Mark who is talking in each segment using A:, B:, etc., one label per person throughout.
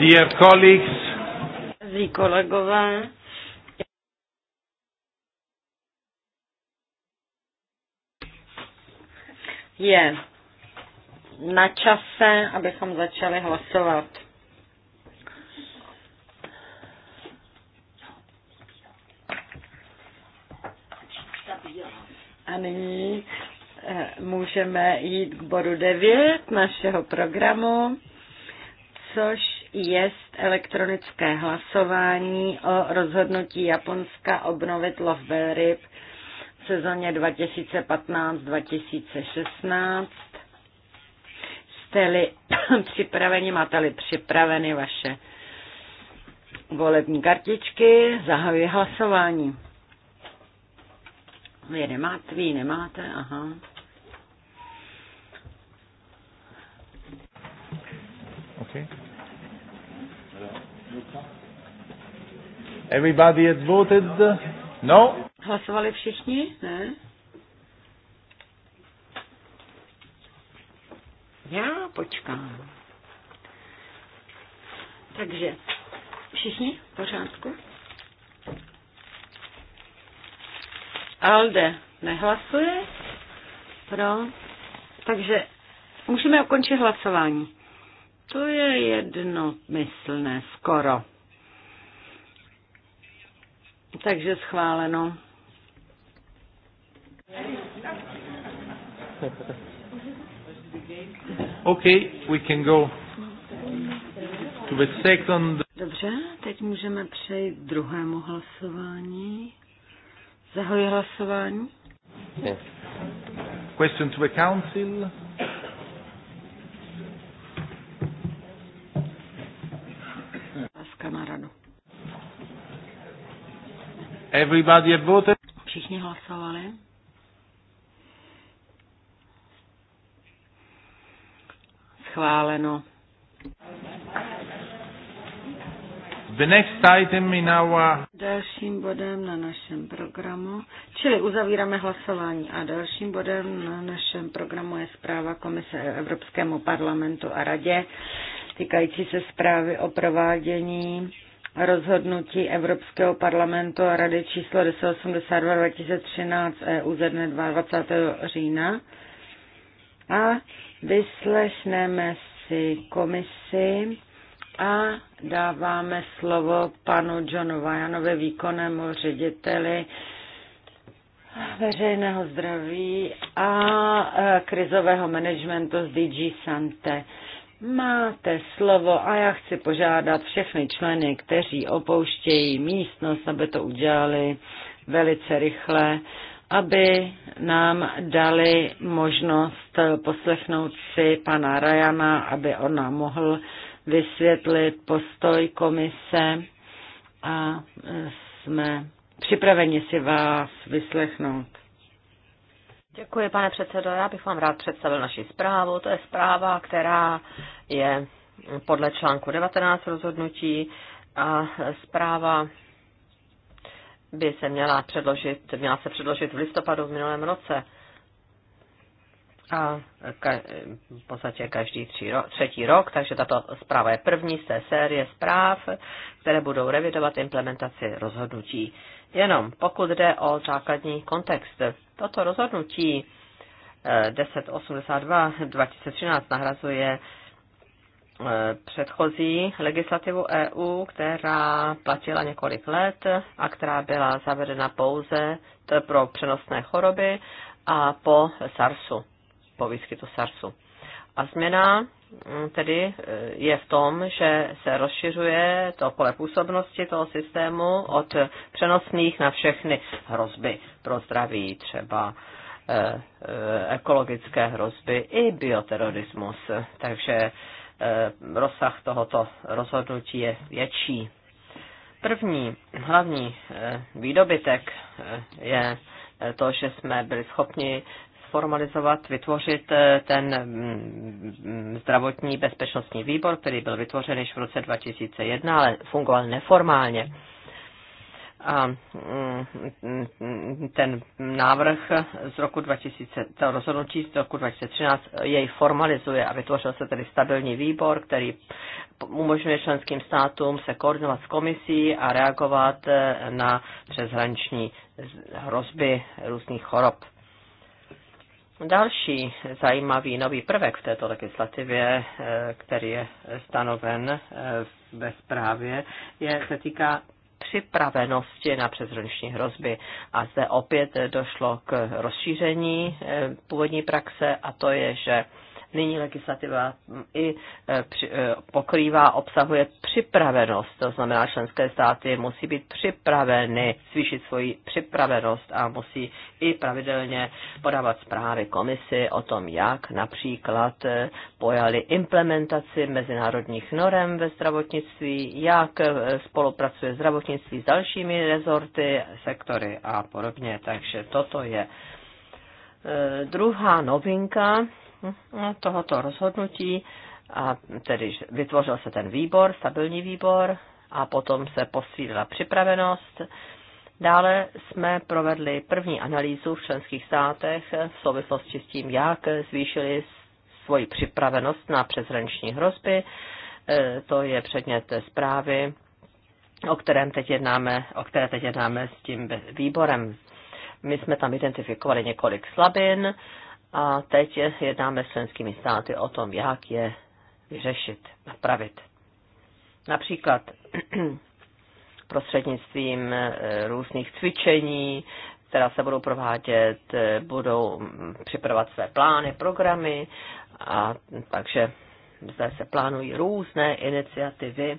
A: Dear colleagues,
B: Zí kolegové, je na čase, abychom začali hlasovat. A nyní eh, můžeme jít k bodu 9 našeho programu, což jest elektronické hlasování o rozhodnutí Japonska obnovit lov velryb v sezóně 2015-2016. Jste-li připraveni, máte-li připraveny vaše volební kartičky, zahajuji hlasování. Vy je nemáte, vy nemáte, aha. Okay.
A: Everybody has voted? No?
B: Hlasovali všichni? Ne?
A: Já počkám.
B: Takže všichni v pořádku? Alde nehlasuje. Pro. Takže můžeme ukončit hlasování. To je jednomyslné skoro. Takže schváleno.
A: Okay, we can go to the second.
B: Dobře, teď můžeme přejít druhému hlasování. Zahoj hlasování. Yes.
A: Question to the council.
B: na Everybody voted. Všichni hlasovali. Schváleno. The next item in our... Dalším bodem na našem programu, čili uzavíráme hlasování a dalším bodem na našem programu je zpráva Komise Evropskému parlamentu a radě týkající se zprávy o provádění rozhodnutí Evropského parlamentu a Rady číslo 1082 2013 EU ze dne 22. října a vyslechneme si komisi a dáváme slovo panu Johnu Vajanovi, výkonnému řediteli veřejného zdraví a e, krizového managementu z DG Sante. Máte slovo a já chci požádat všechny členy, kteří opouštějí místnost, aby to udělali velice rychle, aby nám dali možnost poslechnout si pana Rajana, aby on nám mohl vysvětlit postoj komise a jsme připraveni si vás vyslechnout.
C: Děkuji, pane předsedo. Já bych vám rád představil naši zprávu. To je zpráva, která je podle článku 19 rozhodnutí a zpráva by se měla předložit, měla se předložit v listopadu v minulém roce. A ka, v podstatě každý tři ro, třetí rok, takže tato zpráva je první z té série zpráv, které budou revidovat implementaci rozhodnutí. Jenom pokud jde o základní kontext, toto rozhodnutí 1082 eh, 2013 nahrazuje eh, předchozí legislativu EU, která platila několik let a která byla zavedena pouze pro přenosné choroby a po SARSu, po výskytu SARSu. A změna mm, tedy e, je v tom, že se rozšiřuje to pole působnosti toho systému od přenosných na všechny hrozby pro zdraví, třeba e, e, ekologické hrozby i bioterorismus. Takže rozsah tohoto rozhodnutí je větší. První hlavní výdobytek je to, že jsme byli schopni formalizovat, vytvořit eh, ten mm, zdravotní bezpečnostní výbor, který byl vytvořen již v roce 2001, ale fungoval neformálně. A mm, ten návrh z roku 2000, to rozhodnutí z roku 2013 jej formalizuje a vytvořil se tedy stabilní výbor, který umožňuje členským státům se koordinovat s komisí a reagovat eh, na přeshraniční hrozby různých chorob. Další zajímavý nový prvek v této legislativě, eh, který je stanoven eh, ve zprávě, je, se týká připravenosti na přeshraniční hrozby. A zde opět došlo k rozšíření eh, původní praxe a to je, že nyní legislativa mm, i e, e, pokrývá, obsahuje připravenost, to znamená, členské státy musí být připraveny, zvýšit svoji připravenost a musí i pravidelně podávat zprávy komisi o tom, jak například e, pojali implementaci mezinárodních norem ve zdravotnictví, jak spolupracuje zdravotnictví s dalšími rezorty, sektory a podobně. Takže toto je druhá novinka Mm, tohoto rozhodnutí a tedy vytvořil se ten výbor, stabilní výbor a potom se posílila připravenost. Dále jsme provedli první analýzu v členských státech v souvislosti s tím, jak zvýšili svoji připravenost na přeshraniční hrozby. E, to je předmět zprávy, o, kterém teď jednáme, o které teď jednáme s tím výborem. My jsme tam identifikovali několik slabin, a teď jednáme s členskými státy o tom, jak je vyřešit, napravit. Například prostřednictvím eh, různých cvičení, která se budou provádět, eh, budou mm, připravovat své plány, programy, a takže zde se plánují různé iniciativy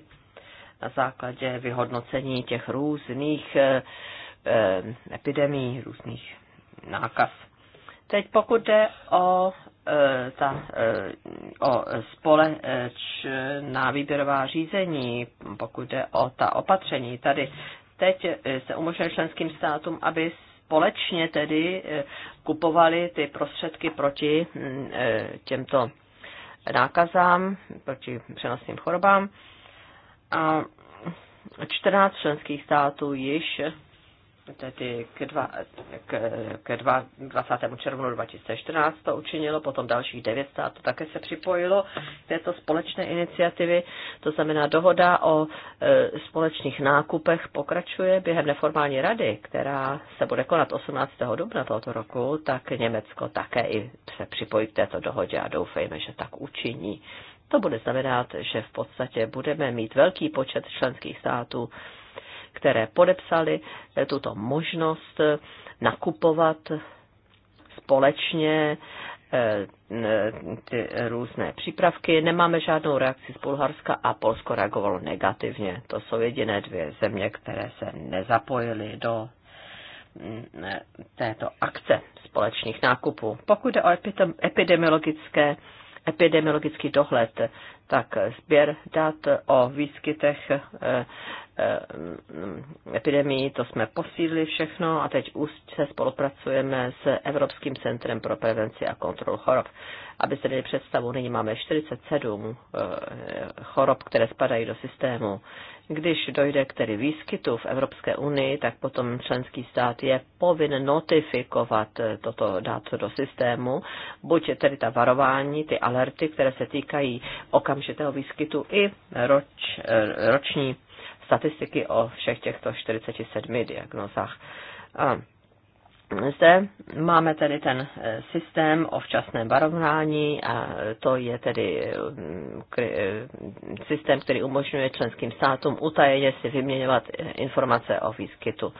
C: na základě vyhodnocení těch různých eh, epidemí, různých nákaz. Teď pokud jde o e, ta, e, o společná výběrová řízení, pokud jde o ta opatření. Tady teď e, se umožňuje členským státům, aby společně tedy kupovali ty prostředky proti těmto nákazám, proti přenosným chorobám. A 14 členských států již tedy k, dva, k, k dva, 20. červnu 2014 to učinilo, potom dalších devět států také se připojilo k této společné iniciativy. To znamená, dohoda o e, společných nákupech pokračuje během neformální rady, která se bude konat 18. dubna tohoto roku, tak Německo také i se připojí k této dohodě a doufejme, že tak učiní. To bude znamenat, že v podstatě budeme mít velký počet členských států, které podepsali eh, tuto možnost eh, nakupovat společně eh, ty různé přípravky. Nemáme žádnou reakci z Bulharska a Polsko reagovalo negativně. To jsou jediné dvě země, které se nezapojily do mm, této akce společných nákupů. Pokud jde o epidemiologické, epidemiologický dohled, tak sběr dat o výskytech Eh, epidemii, to jsme posílili všechno a teď už se spolupracujeme s Evropským centrem pro prevenci a kontrolu chorob. Aby se měli představu, nyní máme 47 eh, chorob, které spadají do systému. Když dojde k tedy výskytu v Evropské unii, tak potom členský stát je povinen notifikovat eh, toto, dát do systému, buď je tedy ta varování, ty alerty, které se týkají okamžitého výskytu i roč, roční statistiky o všech těchto 47 diagnozách. A zde máme tedy ten eh, systém o včasném varovnání a to je tedy mm, eh, systém, který umožňuje členským státům utajeně si vyměňovat eh, informace o výskytu.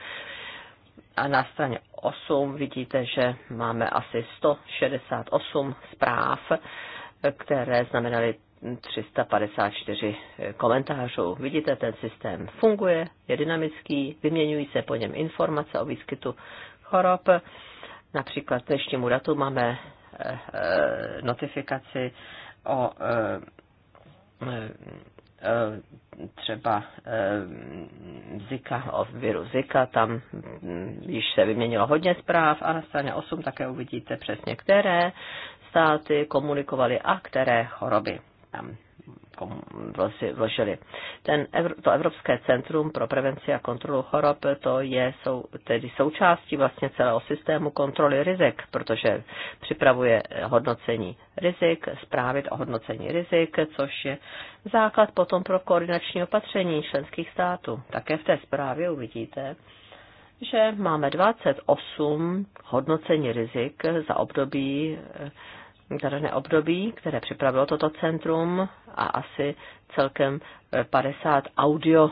C: A na straně 8 vidíte, že máme asi 168 zpráv, které znamenaly 354 eh, komentářů. Vidíte, ten systém funguje, je dynamický, vyměňují se po něm informace o výskytu chorob. Například k dnešnímu datu máme eh, eh, notifikaci o třeba Zika, o viru Zika, tam hm, již se vyměnilo hodně zpráv a na straně 8 také uvidíte přesně, které státy komunikovaly a které choroby vložili. Ten, to Evropské centrum pro prevenci a kontrolu chorob, to je sou, tedy součástí vlastně celého systému kontroly rizik, protože připravuje hodnocení rizik, zprávy o hodnocení rizik, což je základ potom pro koordinační opatření členských států. Také v té zprávě uvidíte, že máme 28 hodnocení rizik za období eh, dané období, které připravilo toto centrum a asi celkem 50 eh, audio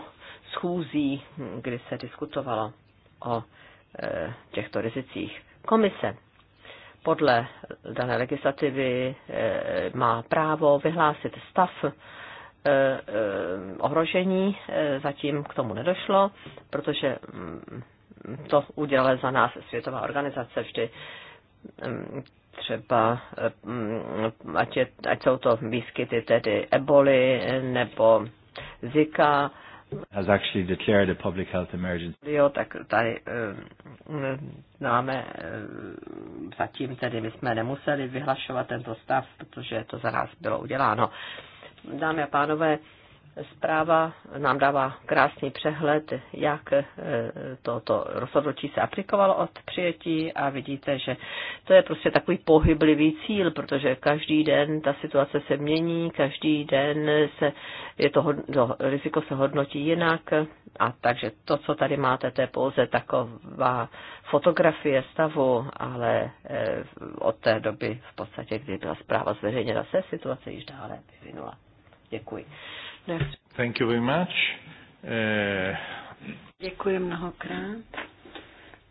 C: schůzí, kdy se diskutovalo o eh, těchto rizicích. Komise podle dané legislativy eh, má právo vyhlásit stav ohrožení. Zatím k tomu nedošlo, protože mm, to udělala za nás Světová organizace vždy. Mm, třeba, mm, ať, je, ať jsou to výskyty tedy eboli nebo Zika,
D: has actually declared a public health emergency.
C: Jo, tak tady známe, eh, eh, zatím tedy my jsme nemuseli vyhlašovat tento stav, protože to za nás bylo uděláno. Dámy a pánové, zpráva nám dává krásný přehled, jak e, toto rozhodnutí se aplikovalo od přijetí a vidíte, že to je prostě takový pohyblivý cíl, protože každý den ta situace se mění, každý den se, je to, to no, riziko se hodnotí jinak a takže to, co tady máte, to je pouze taková fotografie stavu, ale e, od té doby v podstatě, kdy byla zpráva zveřejněna, se situace již dále vyvinula. Děkuji. Dech. Thank you very much. Eh,
B: Děkuji mnohokrát.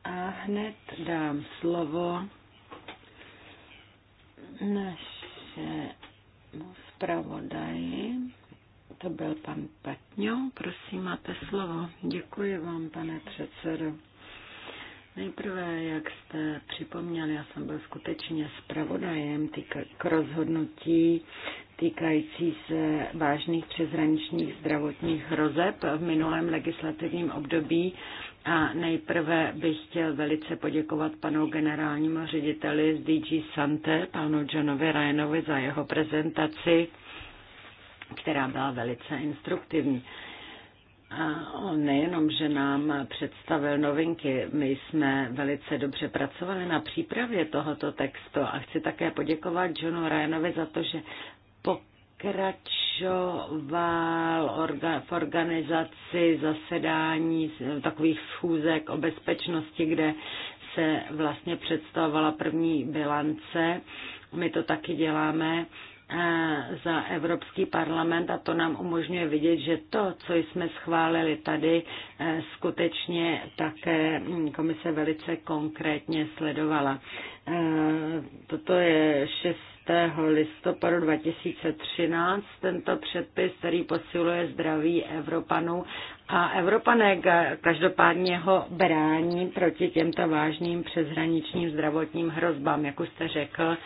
B: A hned dám slovo našemu zpravodaji. To byl pan Petňo. Prosím, máte slovo. Děkuji vám, pane předsedo. Nejprve, jak jste připomněl, já jsem byl skutečně zpravodajem týka, k rozhodnutí týkající se vážných přezraničních zdravotních hrozeb v minulém legislativním období. A nejprve bych chtěl velice poděkovat panu generálnímu řediteli z DG Sante, panu Johnovi Ryanovi, za jeho prezentaci, která byla velice instruktivní on nejenom, že nám představil novinky, my jsme velice dobře pracovali na přípravě tohoto textu a chci také poděkovat Johnu Ryanovi za to, že pokračoval v organizaci zasedání takových schůzek o bezpečnosti, kde se vlastně představovala první bilance. My to taky děláme za Evropský parlament a to nám umožňuje vidět, že to, co jsme schválili tady, e, skutečně také mm, komise velice konkrétně sledovala. E, toto je 6. listopadu 2013 tento předpis, který posiluje zdraví Evropanů a Evropané každopádně ho brání proti těmto vážným přeshraničním zdravotním hrozbám, jak už jste řekl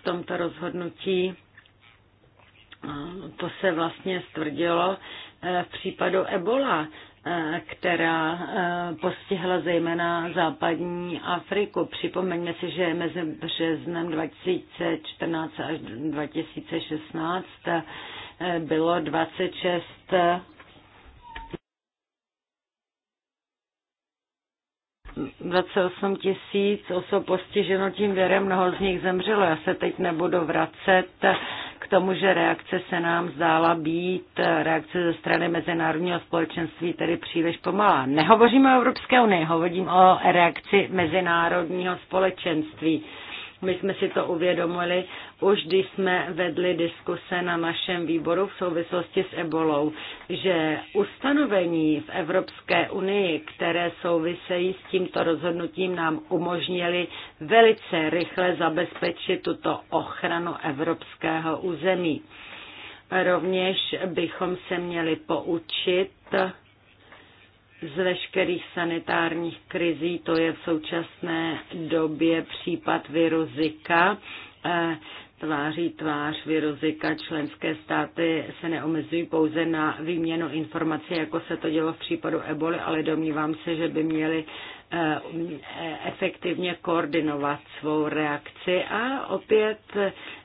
B: v tomto rozhodnutí to se vlastně stvrdilo e, v případu Ebola, e, která e, postihla zejména západní Afriku. Připomeňme si, že mezi březnem 2014 až 2016 bylo 26 28 tisíc osob postiženo tím věrem, mnoho z nich zemřelo. Já se teď nebudu vracet k tomu, že reakce se nám zdála být, reakce ze strany mezinárodního společenství tedy příliš pomalá. Nehovoříme o Evropské unii, hovořím o reakci mezinárodního společenství. My jsme si to uvědomili už, když jsme vedli diskuse na našem výboru v souvislosti s ebolou, že ustanovení v Evropské unii, které souvisejí s tímto rozhodnutím, nám umožnili velice rychle zabezpečit tuto ochranu evropského území. Rovněž bychom se měli poučit z veškerých sanitárních krizí, to je v současné době případ viru e, Tváří tvář viru členské státy se neomezují pouze na výměnu informací, jako se to dělo v případu eboli, ale domnívám se, že by měli e, efektivně koordinovat svou reakci a opět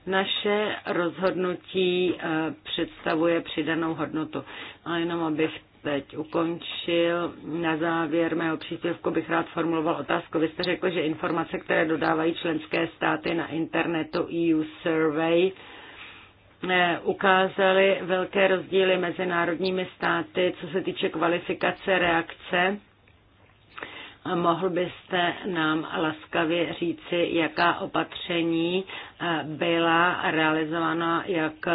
B: naše rozhodnutí e, představuje přidanou hodnotu. A jenom abych teď ukončil. Na závěr mého příspěvku bych rád formuloval otázku. Vy jste řekl, že informace, které dodávají členské státy na internetu EU Survey, eh, ukázaly velké rozdíly mezi národními státy, co se týče kvalifikace reakce Mohl byste nám laskavě říci, jaká opatření eh, byla realizována jak eh,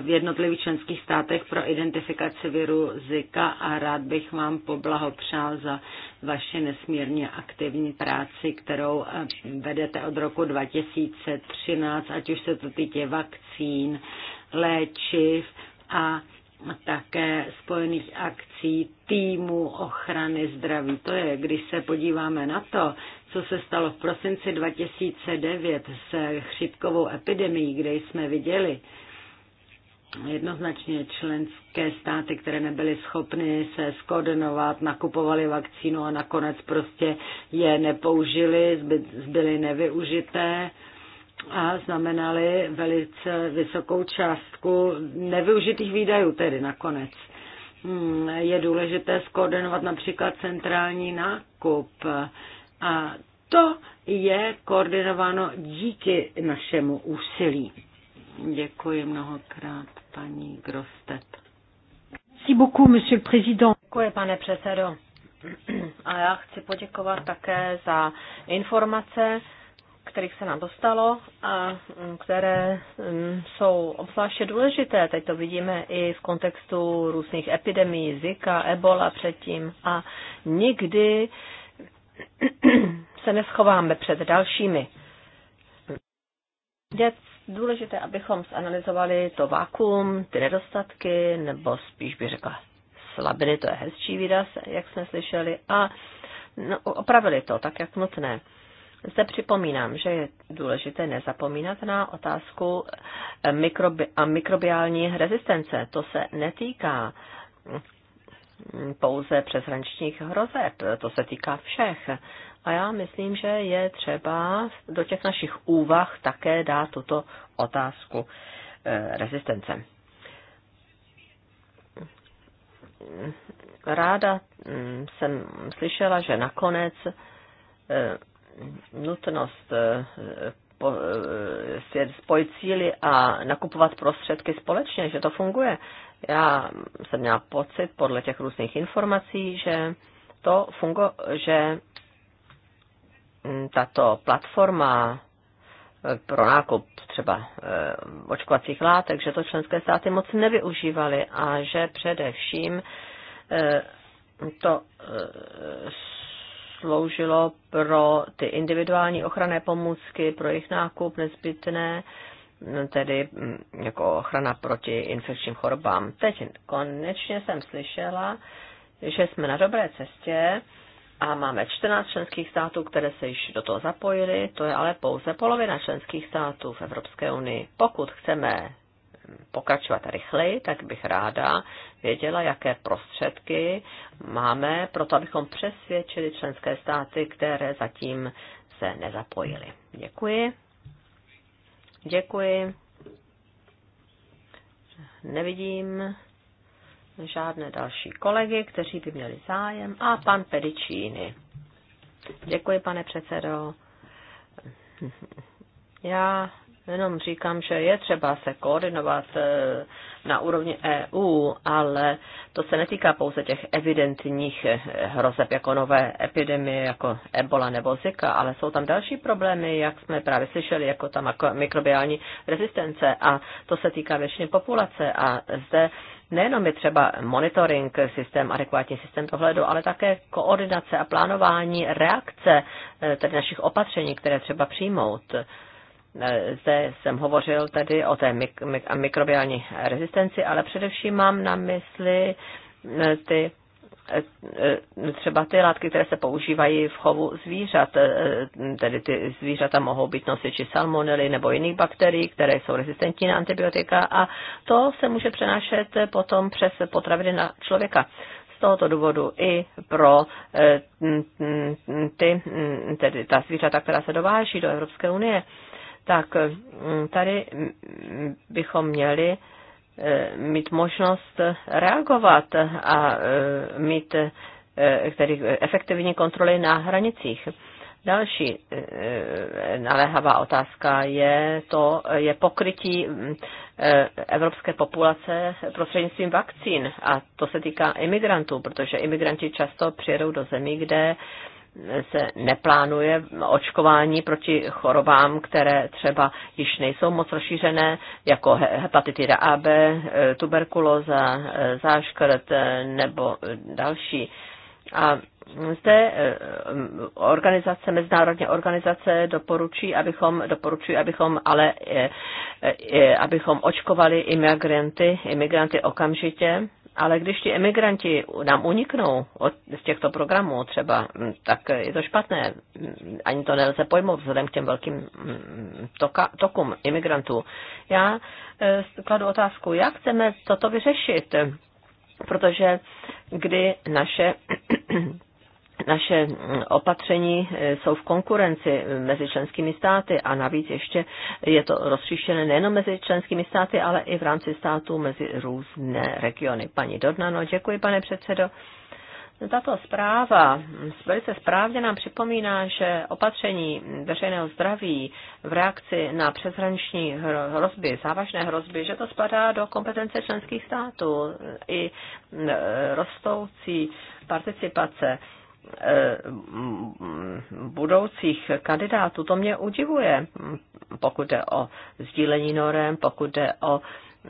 B: v jednotlivých členských státech pro identifikaci viru Zika a rád bych vám poblahopřál za vaši nesmírně aktivní práci, kterou eh, vedete od roku 2013, ať už se to týče vakcín, léčiv a také spojených akcí týmu ochrany zdraví. To je, když se podíváme na to, co se stalo v prosinci 2009 s chřipkovou epidemií, kde jsme viděli, jednoznačně členské státy, které nebyly schopny se skoordinovat, nakupovali vakcínu a nakonec prostě je nepoužili, zbyly nevyužité a znamenaly velice vysokou částku nevyužitých výdajů tedy nakonec. Hmm, je důležité skoordinovat například centrální nákup a to je koordinováno díky našemu úsilí. Děkuji mnohokrát, paní Grostet.
C: Merci beaucoup, monsieur le président. Děkuji, pane předsedo. A já chci poděkovat také za informace, kterých se nám dostalo a mm, které mm, jsou obzvláště důležité. Teď to vidíme i v kontextu různých epidemí, Zika, Ebola předtím a nikdy se neschováme před dalšími. Je důležité, abychom zanalizovali to vákuum, ty nedostatky, nebo spíš bych řekla slabiny, to je hezčí výraz, jak jsme slyšeli, a no, opravili to tak, jak nutné. Zde připomínám, že je důležité nezapomínat na otázku eh, mikrobi- a mikrobiální rezistence. To se netýká mm, pouze přeshraničních hrozeb, to se týká všech. A já myslím, že je třeba do těch našich úvah také dát tuto otázku eh, rezistence. Ráda mm, jsem slyšela, že nakonec eh, nutnost eh, eh, spojit síly a nakupovat prostředky společně, že to funguje. Já jsem měla pocit podle těch různých informací, že to fungo, že mm, tato platforma eh, pro nákup třeba očkovacích látek, že to členské státy moc nevyužívaly a že především to sloužilo pro ty individuální ochranné pomůcky, pro jejich nákup nezbytné, tedy mm, jako ochrana proti infekčním chorobám. Teď konečně jsem slyšela, že jsme na dobré cestě a máme 14 členských států, které se již do toho zapojily, to je ale pouze polovina členských států v Evropské unii. Pokud chceme pokračovat rychleji, tak bych ráda věděla, jaké prostředky máme pro to, abychom přesvědčili členské státy, které zatím se nezapojily. Děkuji. Děkuji. Nevidím žádné další kolegy, kteří by měli zájem. A pan Pedicini. Děkuji, pane předsedo. Já Jenom říkám, že je třeba se koordinovat eh, na úrovni EU, ale to se netýká pouze těch evidentních eh, hrozeb, jako nové epidemie, jako ebola nebo zika, ale jsou tam další problémy, jak jsme právě slyšeli, jako tam mikrobiální rezistence a to se týká většiny populace a zde nejenom je třeba monitoring systém, adekvátní systém dohledu, ale také koordinace a plánování reakce, eh, tedy našich opatření, které třeba přijmout zde jsem hovořil tedy o té mik- mikrobiální rezistenci, ale především mám na mysli eh, ty eh, eh, třeba ty látky, které se používají v chovu zvířat, tedy ty zvířata mohou být nosiči salmonely nebo jiných bakterií, které jsou rezistentní na antibiotika a to se může přenášet potom přes potraviny na člověka Z tohoto důvodu i pro ty, tedy ta zvířata, která se dováží do Evropské unie tak mm, tady bychom měli eh, mít možnost reagovat a eh, mít eh, tedy efektivní kontroly na hranicích. Další naléhavá otázka je to je pokrytí evropské populace prostřednictvím vakcín a to se týká imigrantů, protože imigranti často přijedou do zemí, kde se neplánuje očkování proti chorobám, které třeba již nejsou moc rozšířené, jako hepatitida A, B, e, tuberkulóza, e, záškrt e, nebo další. A zde organizace, mezinárodní organizace doporučí, abychom, doporučují, abychom ale abychom očkovali imigranty, imigranty okamžitě ale když ti emigranti nám uniknou od, z těchto programů třeba, mm, tak je to špatné. Mm, ani to nelze pojmout vzhledem k těm velkým mm, toka, tokům imigrantů. Já e, kladu otázku, jak chceme toto vyřešit, protože kdy naše naše mm, opatření e, jsou v konkurenci e, mezi členskými státy a navíc ještě je to rozšířené nejen mezi členskými státy, ale i v rámci států mezi různé regiony. Paní Dodnano, děkuji, pane předsedo. Tato zpráva mm, velice správně nám připomíná, že opatření veřejného zdraví v reakci na přeshraniční hrozby, závažné hrozby, že to spadá do kompetence členských států i mm, rostoucí participace Eh, budoucích kandidátů, to mě udivuje, pokud jde o sdílení norem, pokud jde o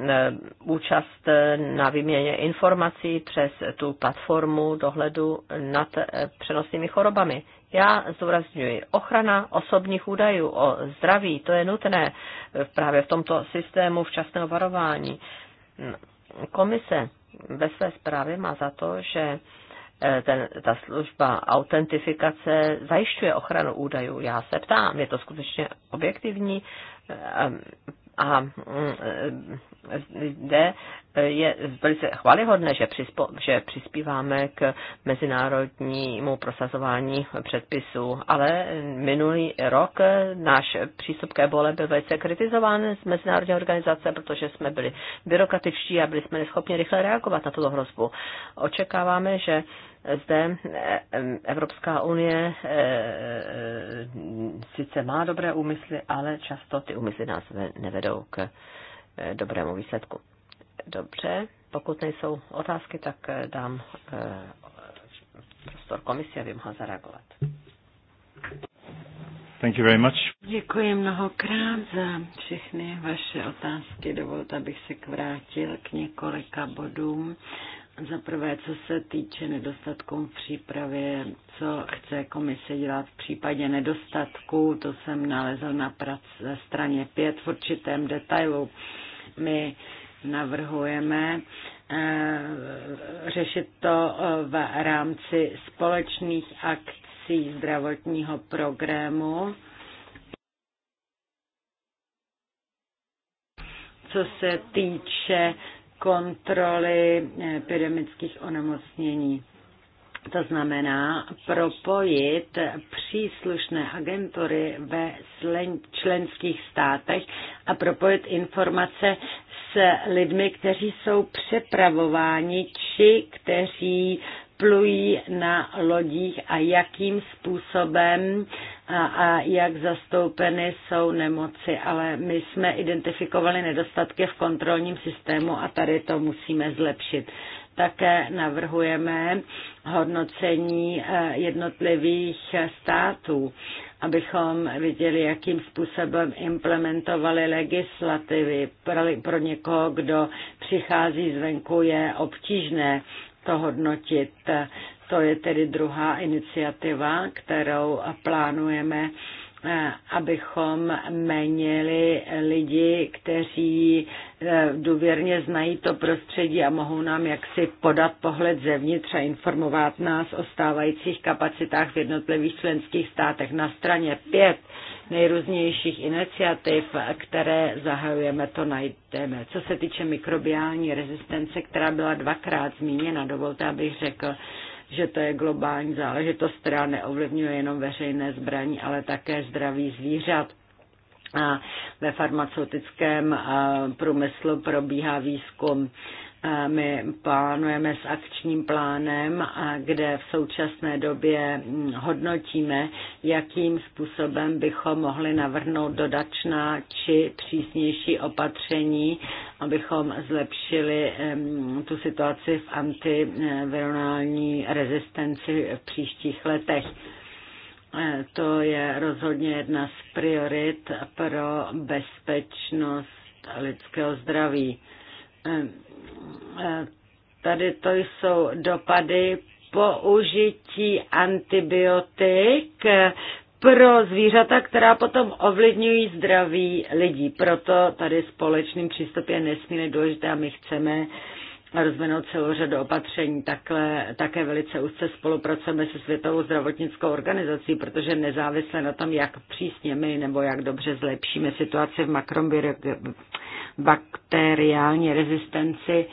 C: eh, účast na výměně informací přes tu platformu dohledu nad eh, přenosnými chorobami. Já zdůrazňuji, ochrana osobních údajů o zdraví, to je nutné právě v tomto systému včasného varování. Komise ve své zprávě má za to, že Eh, ten, ta služba autentifikace zajišťuje ochranu údajů. Já se ptám, je to skutečně objektivní eh, a zde mm, eh, je velice chvalihodné, že, přispo, že přispíváme k mezinárodnímu prosazování předpisů, ale minulý rok náš přístup k ebole byl velice kritizován z mezinárodní organizace, protože jsme byli byrokratičtí a byli jsme neschopni rychle reagovat na tuto hrozbu. Očekáváme, že zde eh, Evropská unie eh, eh, sice má dobré úmysly, ale často ty úmysly nás nevedou k dobrému výsledku. Dobře, pokud nejsou otázky, tak dám prostor komisi, aby mohla zareagovat. Thank you very much. Děkuji mnohokrát za
B: všechny vaše otázky. Dovolte, abych se vrátil k několika bodům, za prvé, co se týče nedostatků v přípravě, co chce komise dělat v případě nedostatků, to jsem nalezl na prac- straně 5 v určitém detailu. My navrhujeme eh, řešit to eh, v rámci společných akcí zdravotního programu. Co se týče kontroly epidemických onemocnění. To znamená propojit příslušné agentury ve členských státech a propojit informace s lidmi, kteří jsou přepravováni či kteří plují na lodích a jakým způsobem a, a jak zastoupeny jsou nemoci, ale my jsme identifikovali nedostatky v kontrolním systému a tady to musíme zlepšit. Také navrhujeme hodnocení eh, jednotlivých států, abychom viděli, jakým způsobem implementovali legislativy. Pro, pro někoho, kdo přichází zvenku, je obtížné to hodnotit. To je tedy druhá iniciativa, kterou plánujeme, abychom menili lidi, kteří eh, důvěrně znají to prostředí a mohou nám jaksi podat pohled zevnitř a informovat nás o stávajících kapacitách v jednotlivých členských státech. Na straně 5 nejrůznějších iniciativ, které zahajujeme, to najdeme. Co se týče mikrobiální rezistence, která byla dvakrát zmíněna, dovolte, abych řekl, že to je globální záležitost, která neovlivňuje jenom veřejné zbraní, ale také zdraví zvířat. A ve farmaceutickém průmyslu probíhá výzkum my plánujeme s akčním plánem, kde v současné době hm, hodnotíme, jakým způsobem bychom mohli navrhnout dodačná či přísnější opatření, abychom zlepšili hm, tu situaci v antivironální rezistenci v příštích letech. E, to je rozhodně jedna z priorit pro bezpečnost lidského zdraví hm, Eh, tady to jsou dopady použití antibiotik eh, pro zvířata, která potom ovlivňují zdraví lidí. Proto tady společným přístup je nesmírně důležité a my chceme uh, rozvinout celou řadu opatření. Takhle, také velice úzce spolupracujeme se Světovou zdravotnickou organizací, protože nezávisle na tom, jak přísně my nebo jak dobře zlepšíme situaci v makrobakteriální rezistenci,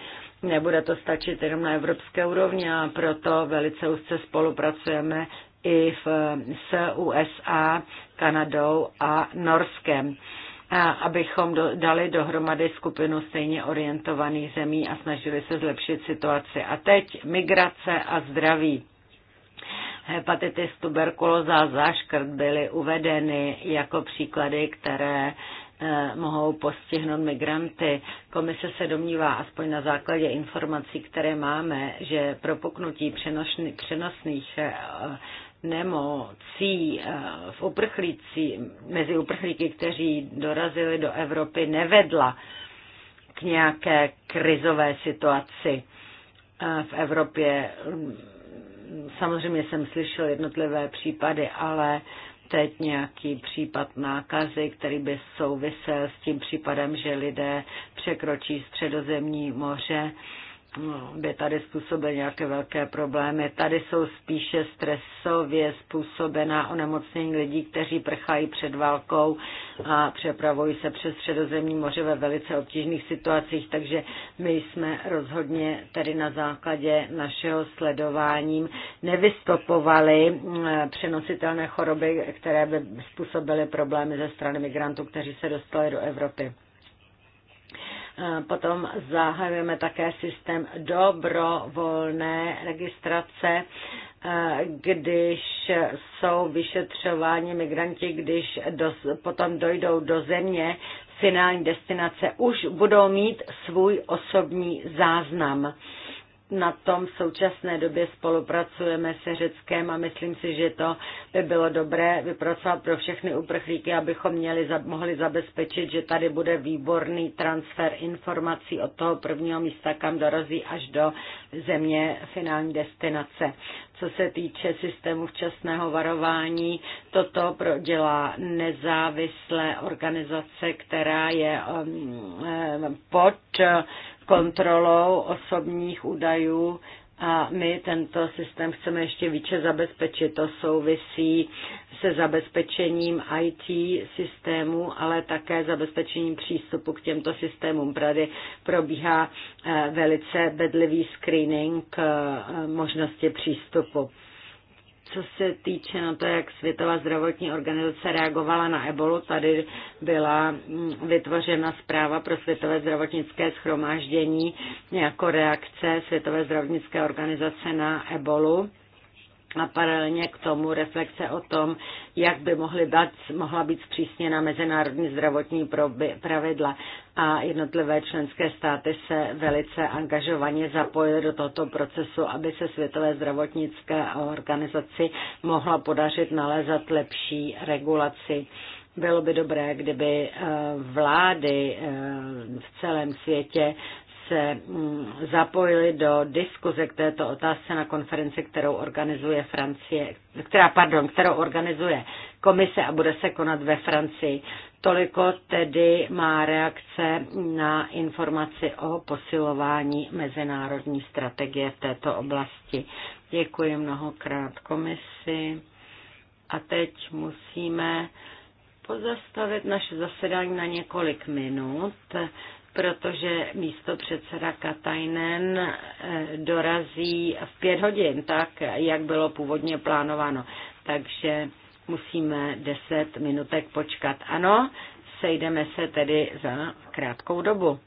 B: nebude to stačit jenom na evropské úrovni a proto velice úzce spolupracujeme i v, s USA, Kanadou a Norskem abychom do, dali dohromady skupinu stejně orientovaných zemí a snažili se zlepšit situaci. A teď migrace a zdraví. Hepatitis, tuberkuloza a záškrt byly uvedeny jako příklady, které eh, mohou postihnout migranty. Komise se domnívá, aspoň na základě informací, které máme, že propuknutí přenosných eh, nemocí eh, v uprchlíci, mezi uprchlíky, kteří dorazili do Evropy, nevedla k nějaké krizové situaci eh, v Evropě. Samozřejmě jsem slyšel jednotlivé případy, ale teď nějaký případ nákazy, který by souvisel s tím případem, že lidé překročí středozemní moře No, by tady způsobil nějaké velké problémy. Tady jsou spíše stresově způsobená onemocnění lidí, kteří prchají před válkou a přepravují se přes středozemní moře ve velice obtížných situacích, takže my jsme rozhodně tady na základě našeho sledováním nevystopovali eh, přenositelné choroby, které by způsobily problémy ze strany migrantů, kteří se dostali do Evropy. Potom zahajujeme také systém dobrovolné registrace, když jsou vyšetřováni migranti, když do, potom dojdou do země finální destinace, už budou mít svůj osobní záznam na tom v současné době spolupracujeme se Řeckém a myslím si, že to by bylo dobré vypracovat pro všechny uprchlíky, abychom měli, mohli zabezpečit, že tady bude výborný transfer informací od toho prvního místa, kam dorazí až do země finální destinace. Co se týče systému včasného varování, toto dělá nezávislé organizace, která je um, eh, pod kontrolou osobních údajů a my tento systém chceme ještě více zabezpečit. To souvisí se zabezpečením IT systému, ale také zabezpečením přístupu k těmto systémům. Prady probíhá eh, velice bedlivý screening eh, možnosti přístupu co se týče na to, jak Světová zdravotní organizace reagovala na ebolu, tady byla mm, vytvořena zpráva pro Světové zdravotnické schromáždění jako reakce Světové zdravotnické organizace na ebolu a paralelně k tomu reflexe o tom, jak by mohly být, mohla být zpřísněna mezinárodní zdravotní pravidla. A jednotlivé členské státy se velice angažovaně zapojily do tohoto procesu, aby se Světové zdravotnické organizaci mohla podařit nalézat lepší regulaci. Bylo by dobré, kdyby eh, vlády eh, v celém světě se mm, zapojili do diskuze k této otázce na konferenci, kterou organizuje Francie, která, pardon, kterou organizuje komise a bude se konat ve Francii. Toliko tedy má reakce na informaci o posilování mezinárodní strategie v této oblasti. Děkuji mnohokrát komisi. A teď musíme pozastavit naše zasedání na několik minut protože místo předseda Katajnen eh, dorazí v pět hodin, tak jak bylo původně plánováno. Takže musíme deset minutek počkat. Ano, sejdeme se tedy za krátkou dobu.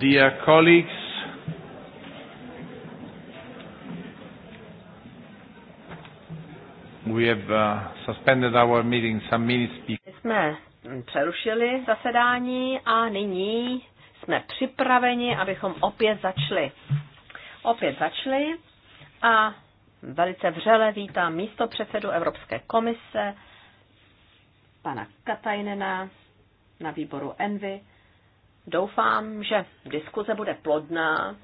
A: Dear colleagues, we have uh, suspended our meeting some minutes before.
C: Jsme přerušili zasedání a nyní jsme připraveni, abychom opět začali. Opět začali a velice vřele vítám místo předsedu Evropské komise, pana Katajnena na výboru Envy. Doufám, že diskuze bude plodná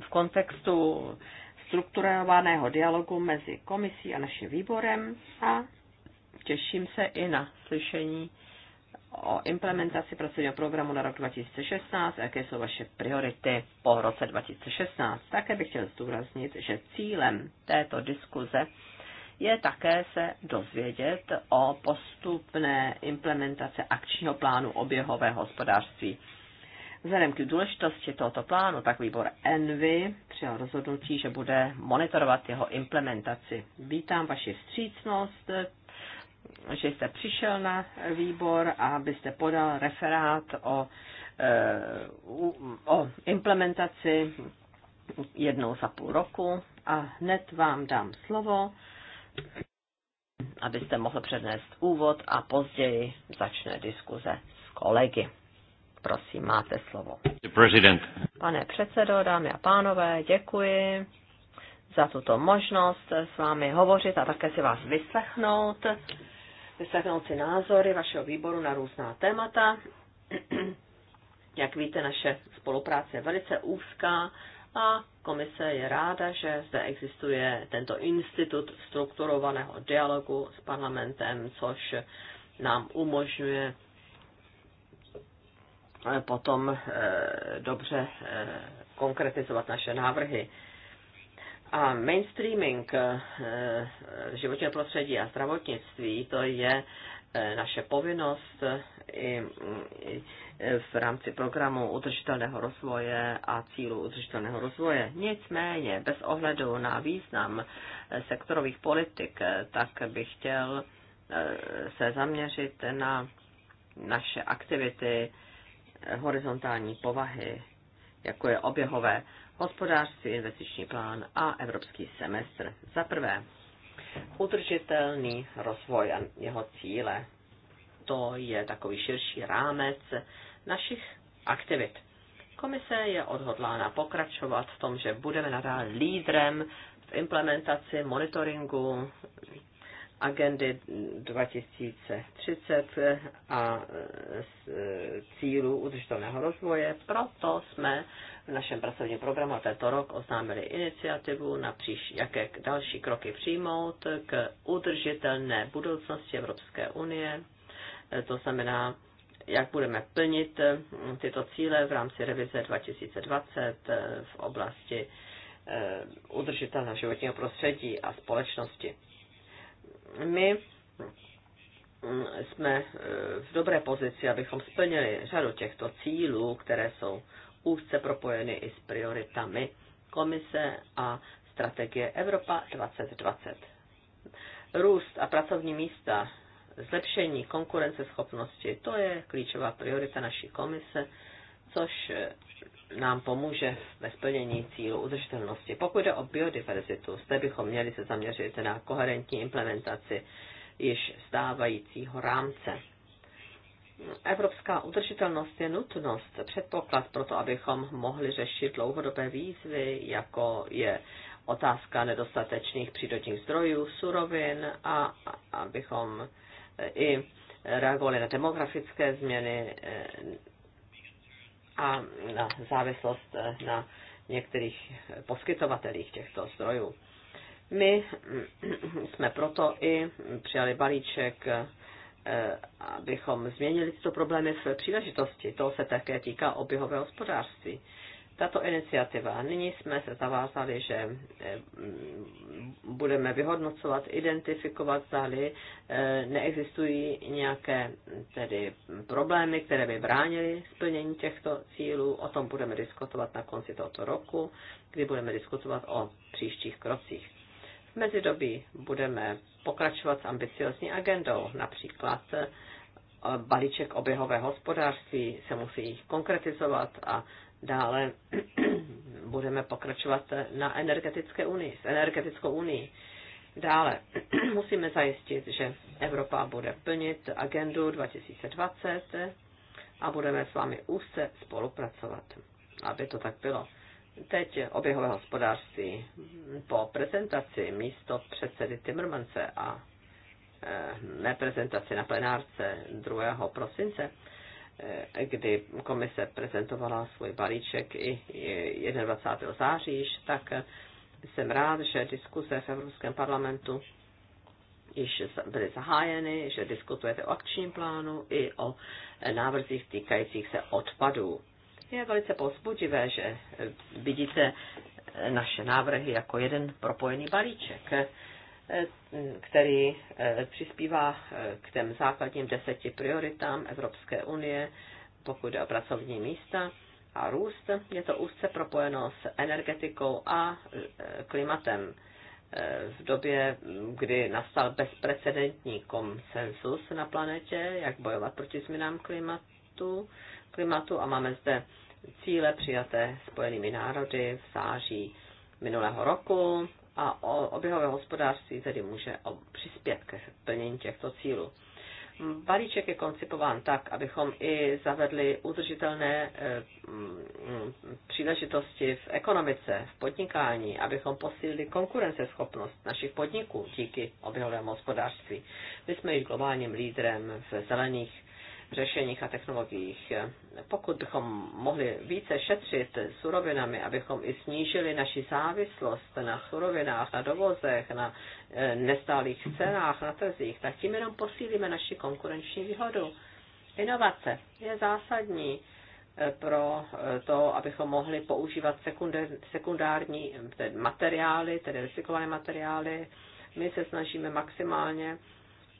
C: v kontextu strukturovaného dialogu mezi komisí a naším výborem a těším se i na slyšení o implementaci pracovního programu na rok 2016 a jaké jsou vaše priority po roce 2016. Také bych chtěl zdůraznit, že cílem této diskuze je také se dozvědět o postupné implementace akčního plánu oběhového hospodářství Vzhledem k důležitosti tohoto plánu, tak výbor ENVY přijal rozhodnutí, že bude monitorovat jeho implementaci. Vítám vaši vstřícnost, že jste přišel na výbor a abyste podal referát o, e, o implementaci jednou za půl roku a hned vám dám slovo, abyste mohl přednést úvod a později začne diskuze s kolegy. Prosím, máte slovo. President. Pane předsedo, dámy a pánové, děkuji za tuto možnost s vámi hovořit a také si vás vyslechnout, vyslechnout si názory vašeho výboru na různá témata. Jak víte, naše spolupráce je velice úzká a komise je ráda, že zde existuje tento institut strukturovaného dialogu s parlamentem, což nám umožňuje Eh, potom eh, dobře eh, konkretizovat naše návrhy. A mainstreaming životního prostředí a zdravotnictví, to je naše povinnost i, v rámci programu udržitelného rozvoje a cílu udržitelného rozvoje. Nicméně, bez ohledu na význam sektorových politik, tak bych chtěl se zaměřit na naše aktivity horizontální povahy, jako je oběhové hospodářství, investiční plán a evropský semestr. Za prvé, udržitelný rozvoj a jeho cíle. To je takový širší rámec našich aktivit. Komise je odhodlána pokračovat v tom, že budeme nadále lídrem v implementaci monitoringu agendy 2030 a e, cílů udržitelného rozvoje. Proto jsme v našem pracovním programu tento rok oznámili iniciativu na příš, jaké další kroky přijmout k udržitelné budoucnosti Evropské unie. E, to znamená, jak budeme plnit e, tyto cíle v rámci revize 2020 v oblasti udržitelného životního prostředí a společnosti my mm, jsme eh, v dobré pozici, abychom splnili řadu těchto cílů, které jsou úzce propojeny i s prioritami komise a strategie Evropa 2020. Růst a pracovní místa, zlepšení konkurenceschopnosti, to je klíčová priorita naší komise, což nám pomůže ve splnění cílu udržitelnosti. Pokud jde o biodiverzitu, zde bychom měli se zaměřit na koherentní implementaci již stávajícího rámce. Evropská udržitelnost je nutnost, předpoklad pro to, abychom mohli řešit dlouhodobé výzvy, jako je otázka nedostatečných přírodních zdrojů, surovin a abychom i reagovali na demografické změny, a na závislost eh, na některých poskytovatelích těchto zdrojů. My jsme proto i přijali balíček, eh, abychom změnili tyto problémy v příležitosti. To se také týká oběhového hospodářství tato iniciativa. Nyní jsme se zavázali, že eh, budeme vyhodnocovat, identifikovat, zdali eh, neexistují nějaké tedy problémy, které by bránily splnění těchto cílů. O tom budeme diskutovat na konci tohoto roku, kdy budeme diskutovat o příštích krocích. V mezidobí budeme pokračovat s ambiciozní agendou, například eh, balíček oběhové hospodářství se musí konkretizovat a Dále budeme pokračovat na energetické unii, s energetickou unii. Dále musíme zajistit, že Evropa bude plnit agendu 2020 a budeme s vámi úzce spolupracovat, aby to tak bylo. Teď oběhové hospodářství. Po prezentaci místo předsedy Timmermance a eh, mé prezentaci na plenárce 2. prosince Eh, kdy komise prezentovala svůj balíček i 21. září, tak jsem rád, že diskuse v Evropském parlamentu již byly zahájeny, že diskutujete o akčním plánu i o návrzích týkajících se odpadů. Je velice povzbudivé, že vidíte naše návrhy jako jeden propojený balíček který eh, přispívá eh, k těm základním deseti prioritám Evropské unie, pokud jde o pracovní místa a růst. Je to úzce propojeno s energetikou a eh, klimatem. V době, kdy nastal bezprecedentní konsensus na planetě, jak bojovat proti změnám klimatu, klimatu a máme zde cíle přijaté spojenými národy v září minulého roku a oběhové hospodářství tedy může přispět k plnění těchto cílů. Balíček je koncipován tak, abychom i zavedli udržitelné eh, mm, příležitosti v ekonomice, v podnikání, abychom posílili konkurenceschopnost našich podniků díky oběhovému hospodářství. My jsme již globálním lídrem v zelených řešeních a technologiích. Pokud bychom mohli více šetřit surovinami, abychom i snížili naši závislost na surovinách, na dovozech, na eh, nestálých cenách, na trzích, tak tím jenom posílíme naši konkurenční výhodu. Inovace je zásadní eh, pro eh, to, abychom mohli používat sekundární materiály, tedy recyklované materiály. My se snažíme maximálně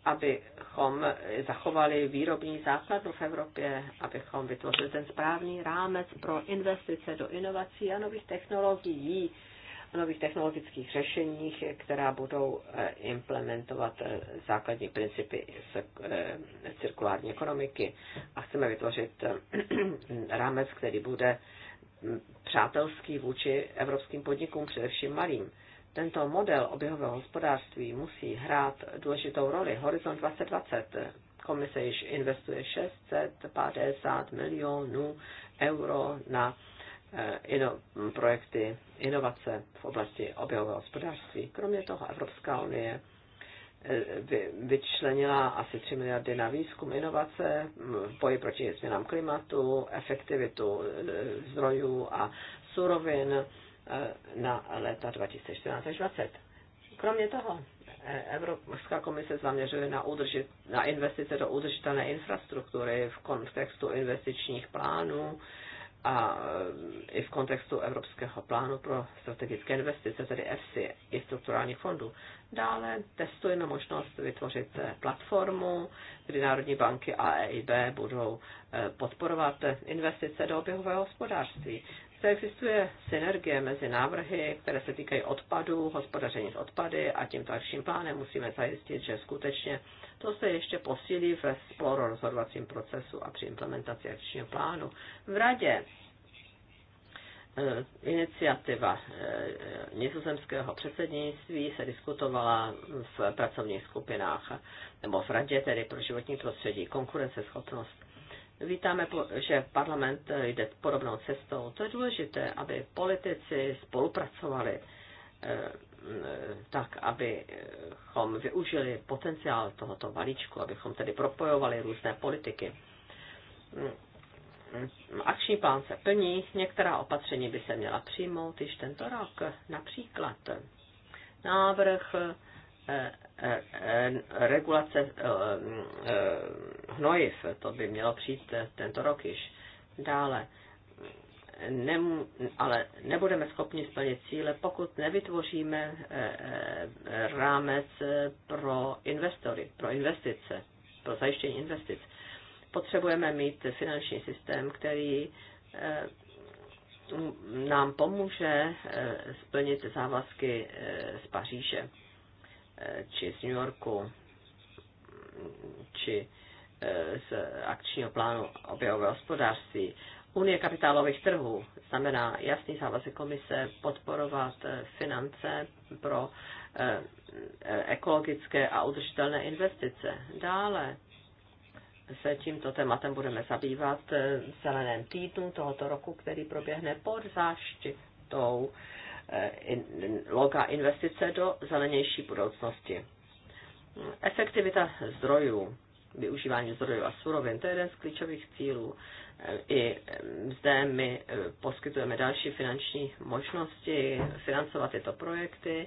C: abychom zachovali výrobní základnu v Evropě, abychom vytvořili ten správný rámec pro investice do inovací a nových technologií, a nových technologických řešeních, která budou eh, implementovat eh, základní principy z eh, cirkulární ekonomiky. A chceme vytvořit rámec, který bude mm, přátelský vůči evropským podnikům, především malým. Tento model oběhového hospodářství musí hrát důležitou roli. Horizont 2020 komise již investuje 650 milionů euro na eh, ino, projekty inovace v oblasti oběhového hospodářství. Kromě toho Evropská unie eh, vyčlenila asi 3 miliardy na výzkum, inovace, boji proti změnám klimatu, efektivitu eh, zdrojů a surovin, Eh, na léta 2014 až 2020. Kromě toho, eh, Evropská komise zaměřuje na, udržit, na investice do udržitelné infrastruktury v kontextu investičních plánů a eh, i v kontextu Evropského plánu pro strategické investice, tedy EFSI, i strukturálních fondů. Dále testujeme možnost vytvořit platformu, kdy Národní banky a EIB budou podporovat investice do oběhového hospodářství. Zde existuje synergie mezi návrhy, které se týkají odpadu, hospodaření s odpady a tímto akčním plánem musíme zajistit, že skutečně to se ještě posílí ve sporu rozhodovacím procesu a při implementaci akčního plánu. V radě eh, iniciativa eh, nizozemského předsednictví se diskutovala v pracovních skupinách, nebo v Radě tedy pro životní prostředí, konkurenceschopnost. Vítáme, že parlament jde podobnou cestou. To je důležité, aby politici spolupracovali eh, mm, tak, abychom využili potenciál tohoto balíčku, abychom tedy propojovali různé politiky. Mm, akční plán se plní, některá opatření by se měla přijmout již tento rok. Například návrh Eh, eh, eh, regulace hnojiv, to by mělo přijít tento rok již. Dále, nem, ale nebudeme schopni splnit cíle, pokud nevytvoříme rámec pro investory, pro investice, pro zajištění investic. Potřebujeme mít finanční systém, který nám pomůže splnit závazky z Paříže či z New Yorku, či e, z akčního plánu objevového hospodářství. Unie kapitálových trhů znamená jasný závazek komise podporovat e, finance pro e, ekologické a udržitelné investice. Dále se tímto tématem budeme zabývat v zeleném týdnu tohoto roku, který proběhne pod záštitou Eh, loga investice do zelenější budoucnosti. Efektivita zdrojů, využívání zdrojů a surovin, to je jeden z klíčových cílů. Eh, I eh, zde my poskytujeme další finanční možnosti financovat tyto projekty,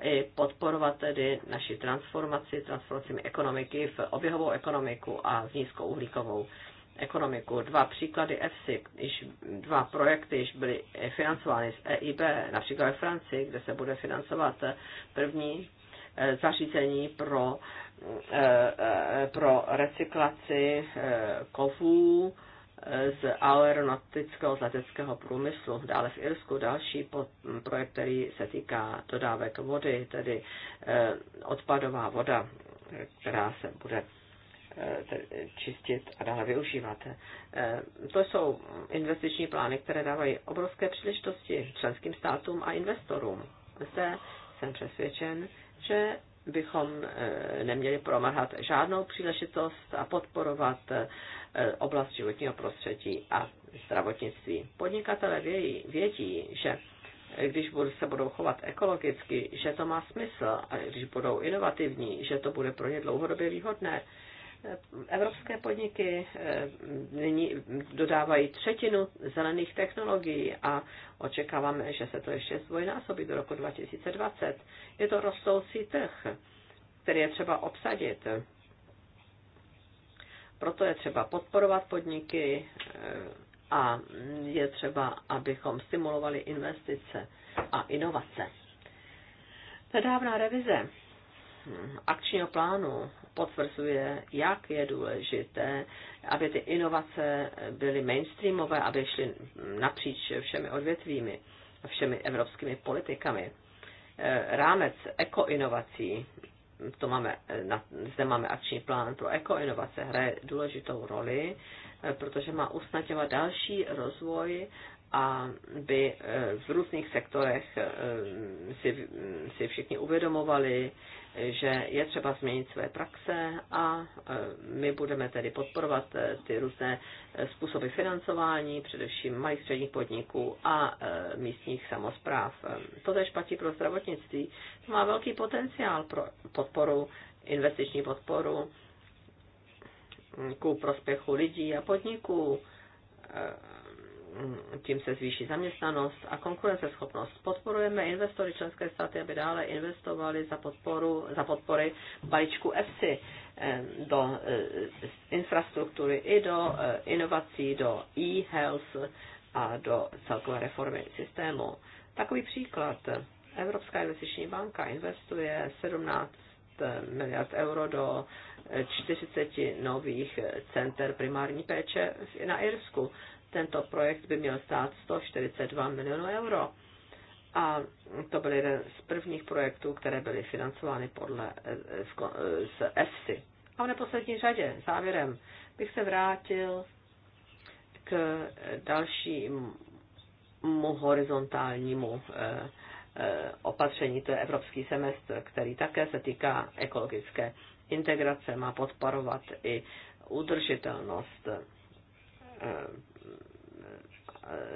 C: i podporovat tedy naši transformaci, transformaci ekonomiky v oběhovou ekonomiku a v nízkouhlíkovou ekonomiku ekonomiku. Dva příklady EFSI, již dva projekty již byly financovány z EIB, například ve Francii, kde se bude financovat první eh, zařízení pro, eh, eh, pro recyklaci kovů z aeronautického z leteckého průmyslu. Dále v Irsku další hm, projekt, který se týká dodávek vody, tedy odpadová voda, která se bude Eh, čistit a dále využívat. Eh, to jsou investiční plány, které dávají obrovské příležitosti členským státům a investorům. Zde jsem přesvědčen, že bychom eh, neměli promrhat žádnou příležitost a podporovat oblast životního prostředí a zdravotnictví. Podnikatele vědí, vědí že když se budou chovat ekologicky, že to má smysl a když budou inovativní, že to bude pro ně dlouhodobě výhodné. Evropské podniky eh, nyní dodávají třetinu zelených technologií a očekáváme, že se to ještě zdvojnásobí do roku 2020. Je to rostoucí trh, který je třeba obsadit. Proto je třeba podporovat podniky eh, a je třeba, abychom stimulovali investice a inovace. Nedávná revize akčního plánu potvrzuje, jak je důležité, aby ty inovace byly mainstreamové, aby šly napříč všemi odvětvími a všemi evropskými politikami. Eh, rámec ekoinovací, to máme, eh, zde máme akční plán pro ekoinovace, hraje důležitou roli, eh, protože má usnadňovat další rozvoj a by eh, v různých sektorech eh, si, si všichni uvědomovali, že je třeba změnit své praxe a eh, my budeme tedy podporovat ty různé způsoby financování, především malých středních podniků a místních samozpráv. To tež platí pro zdravotnictví. To má velký potenciál pro podporu, investiční podporu mm, ku prospěchu lidí a podniků tím se zvýší zaměstnanost a konkurenceschopnost. Podporujeme investory členské státy, aby dále investovali za, podporu, za podpory balíčku EFSI eh, do eh, infrastruktury i do eh, inovací, do e-health a do celkové reformy systému. Takový příklad. Evropská investiční banka investuje 17 miliard euro do 40 nových center primární péče na Irsku. Tento projekt by měl stát 142 milionů euro. A to byl jeden z prvních projektů, které byly financovány podle eh, eh, z EFSI. A v neposlední řadě, závěrem, bych se vrátil k dalšímu horizontálnímu eh, opatření, to je evropský semestr, který také se týká ekologické integrace, má podporovat i udržitelnost Eh,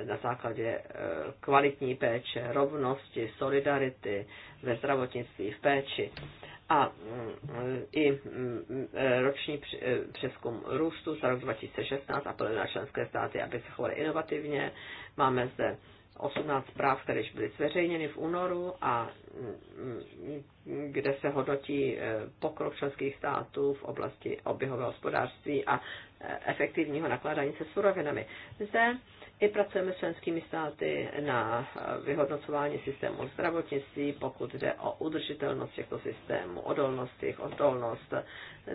C: na základě eh, kvalitní péče, rovnosti, solidarity ve zdravotnictví, v péči a mm, i mm, roční eh, přeskum růstu za rok 2016 apeluje na členské státy, aby se chovaly inovativně. Máme zde 18 zpráv, které byly zveřejněny v únoru a mm, kde se hodnotí pokrok členských států v oblasti oběhového hospodářství a efektivního nakládání se surovinami. Zde i pracujeme s členskými státy na vyhodnocování systému zdravotnictví, pokud jde o udržitelnost těchto systémů, odolnost jejich odolnost.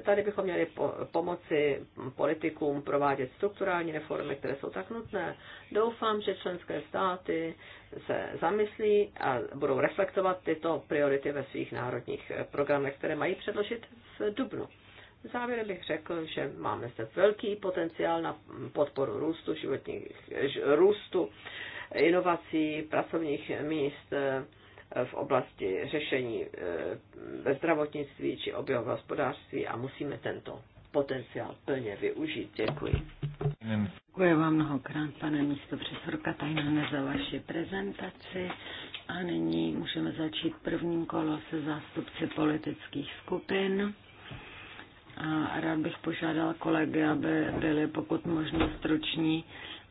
C: Tady bychom měli po- pomoci politikům provádět strukturální reformy, které jsou tak nutné. Doufám, že členské státy se zamyslí a budou reflektovat tyto priority ve svých národních programech, které mají předložit v dubnu. Závěrem bych řekl, že máme zde velký potenciál na podporu růstu, životních, růstu inovací, pracovních míst eh, v oblasti řešení eh, ve zdravotnictví či oběhového hospodářství a musíme tento potenciál plně využít. Děkuji.
B: Děkuji vám mnohokrát, pane místo předsedo Katajnane, za vaši prezentaci. A nyní můžeme začít prvním kolo se zástupci politických skupin. A rád bych požádal kolegy, aby byli pokud možno struční.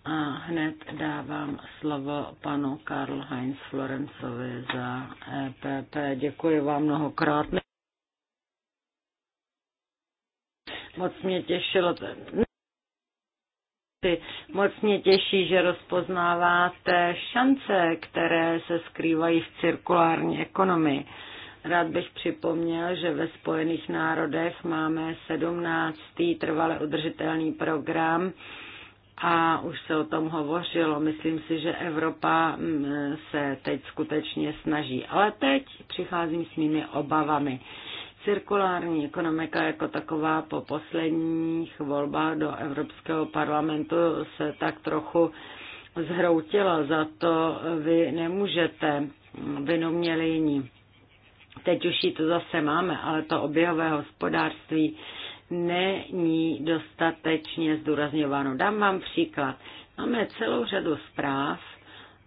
B: A hned dávám slovo panu Karl Heinz Florencovi za EPP. Děkuji vám mnohokrát. Moc mě těšilo. Moc mě těší, že rozpoznáváte šance, které se skrývají v cirkulární ekonomii. Rád bych připomněl, že ve Spojených národech máme 17. trvale udržitelný program a už se o tom hovořilo. Myslím si, že Evropa mm, se teď skutečně snaží. Ale teď přicházím s mými obavami. Cirkulární ekonomika jako taková po posledních volbách do Evropského parlamentu se tak trochu zhroutila, za to vy nemůžete, vinu měli jiní teď už ji to zase máme, ale to oběhové hospodářství není dostatečně zdůrazňováno. Dám vám příklad. Máme celou řadu zpráv,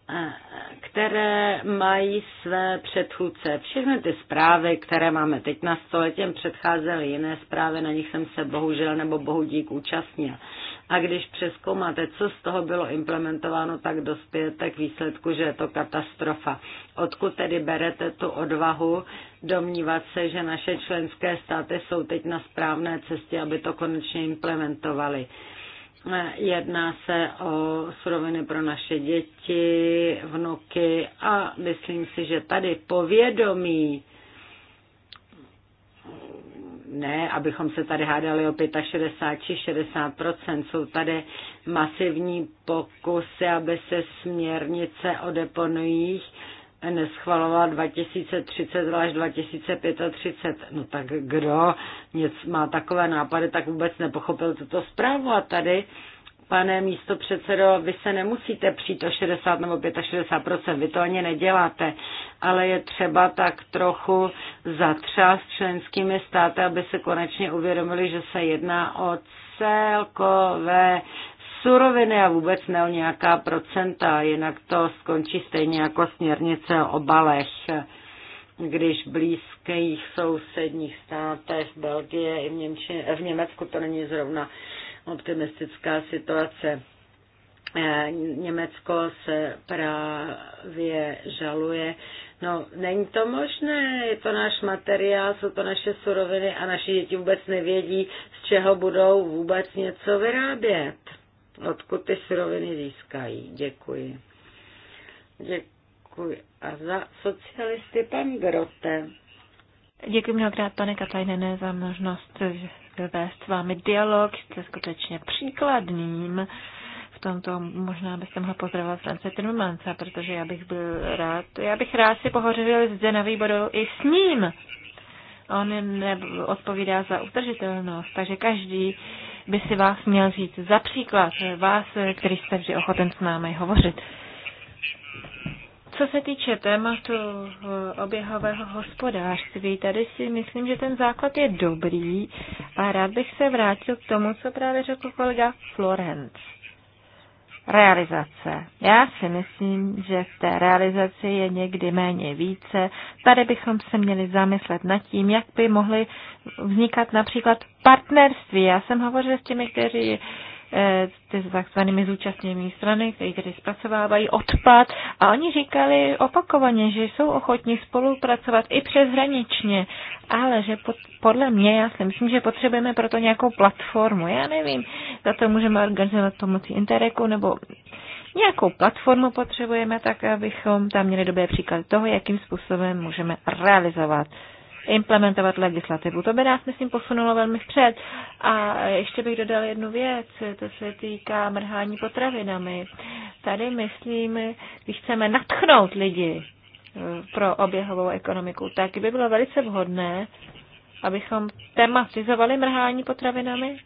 B: eh, které mají své předchůdce. Všechny ty zprávy, které máme teď na stole, těm předcházely jiné zprávy, na nich jsem se bohužel nebo bohu dík účastnil a když přeskoumáte, co z toho bylo implementováno, tak dospějete k výsledku, že je to katastrofa. Odkud tedy berete tu odvahu domnívat se, že naše členské státy jsou teď na správné cestě, aby to konečně implementovali? Jedná se o suroviny pro naše děti, vnuky a myslím si, že tady povědomí ne, abychom se tady hádali o 65 či 60 Jsou tady masivní pokusy, aby se směrnice o deponujích neschvalovala 2030 až 2035. No tak kdo nic má takové nápady, tak vůbec nepochopil tuto zprávu. A tady Pane místo předsedo, vy se nemusíte přijít o 60 nebo 65 vy to ani neděláte, ale je třeba tak trochu zatřást členskými státy, aby se konečně uvědomili, že se jedná o celkové suroviny a vůbec ne o nějaká procenta, jinak to skončí stejně jako směrnice o obalech když v blízkých sousedních státech Belgie i v, Němči, v Německu to není zrovna optimistická situace. Eh, Německo se právě žaluje. No, není to možné, je to náš materiál, jsou to naše suroviny a naše děti vůbec nevědí, z čeho budou vůbec něco vyrábět. Odkud ty suroviny získají. Děkuji. Děkuji. A za socialisty pan Grote.
E: Děkuji mnohokrát, pane Katajnene, za možnost vést s vámi dialog, jste skutečně příkladným v tomto možná se mohla pozdravovat France Timmermansa, protože já bych byl rád, já bych rád si pohořil zde na výboru i s ním. On odpovídá za udržitelnost, takže každý by si vás měl říct za příklad, vás, který jste vždy ochoten s námi hovořit. Co se týče tématu eh, oběhového hospodářství, tady si myslím, že ten základ je dobrý a rád bych se vrátil k tomu, co právě řekl kolega Florence. Realizace. Já si myslím, že v té realizaci je někdy méně více. Tady bychom se měli zamyslet nad tím, jak by mohly vznikat například partnerství. Já jsem hovořil s těmi, kteří Eh, ty takzvanými zúčastněnými strany, které tedy zpracovávají odpad. A oni říkali opakovaně, že jsou ochotní spolupracovat i přeshraničně, ale že pod, podle mě, já si myslím, že potřebujeme proto nějakou platformu. Já nevím, za to můžeme organizovat pomocí Intereku nebo Nějakou platformu potřebujeme tak, abychom tam měli dobré příklady toho, jakým způsobem můžeme realizovat implementovat legislativu. To by nás, myslím, posunulo velmi vpřed. A ještě bych dodal jednu věc, to se týká mrhání potravinami. Tady, myslím, když chceme natchnout lidi eh, pro oběhovou ekonomiku, tak by bylo velice vhodné, abychom tematizovali mrhání potravinami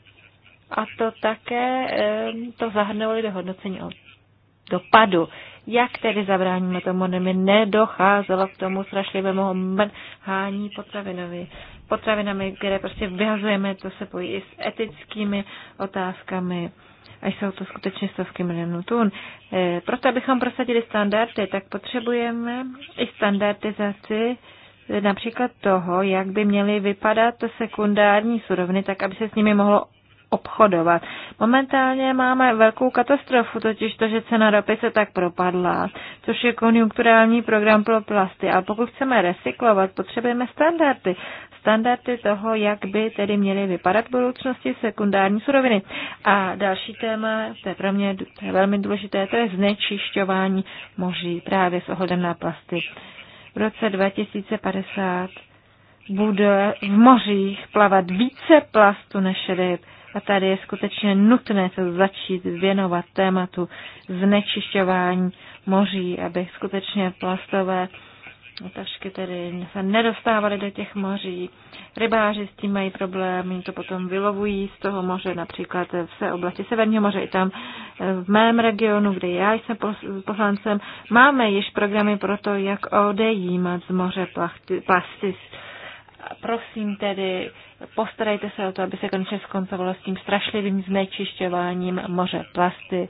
E: a to také eh, to zahrnovali do hodnocení dopadu. Jak tedy zabráníme tomu, aby nedocházelo k tomu strašlivému mrhání potravinovi, potravinami, které prostě vyhazujeme, to se pojí i s etickými otázkami a jsou to skutečně stovky milionů tun. E, proto, abychom prosadili standardy, tak potřebujeme i standardizaci eh, například toho, jak by měly vypadat sekundární suroviny, tak aby se s nimi mohlo obchodovat. Momentálně máme velkou katastrofu, totiž to, že cena ropy se tak propadla, což je konjunkturální program pro plasty. A pokud chceme recyklovat, potřebujeme standardy. Standardy toho, jak by tedy měly vypadat v budoucnosti sekundární suroviny. A další téma, to je pro mě to je velmi důležité, to je znečišťování moří právě s ohledem na plasty. V roce 2050 bude v mořích plavat více plastu než ryb. A tady je skutečně nutné se začít věnovat tématu znečišťování moří, aby skutečně plastové tašky tedy se nedostávaly do těch moří. Rybáři s tím mají problémy, to potom vylovují z toho moře, například v oblasti Severního moře. I tam eh, v mém regionu, kde já jsem poslancem, máme již programy pro to, jak odejímat z moře plasty. Prosím tedy, Postarejte se o to, aby se konečně skoncovalo s tím strašlivým znečišťováním moře plasty,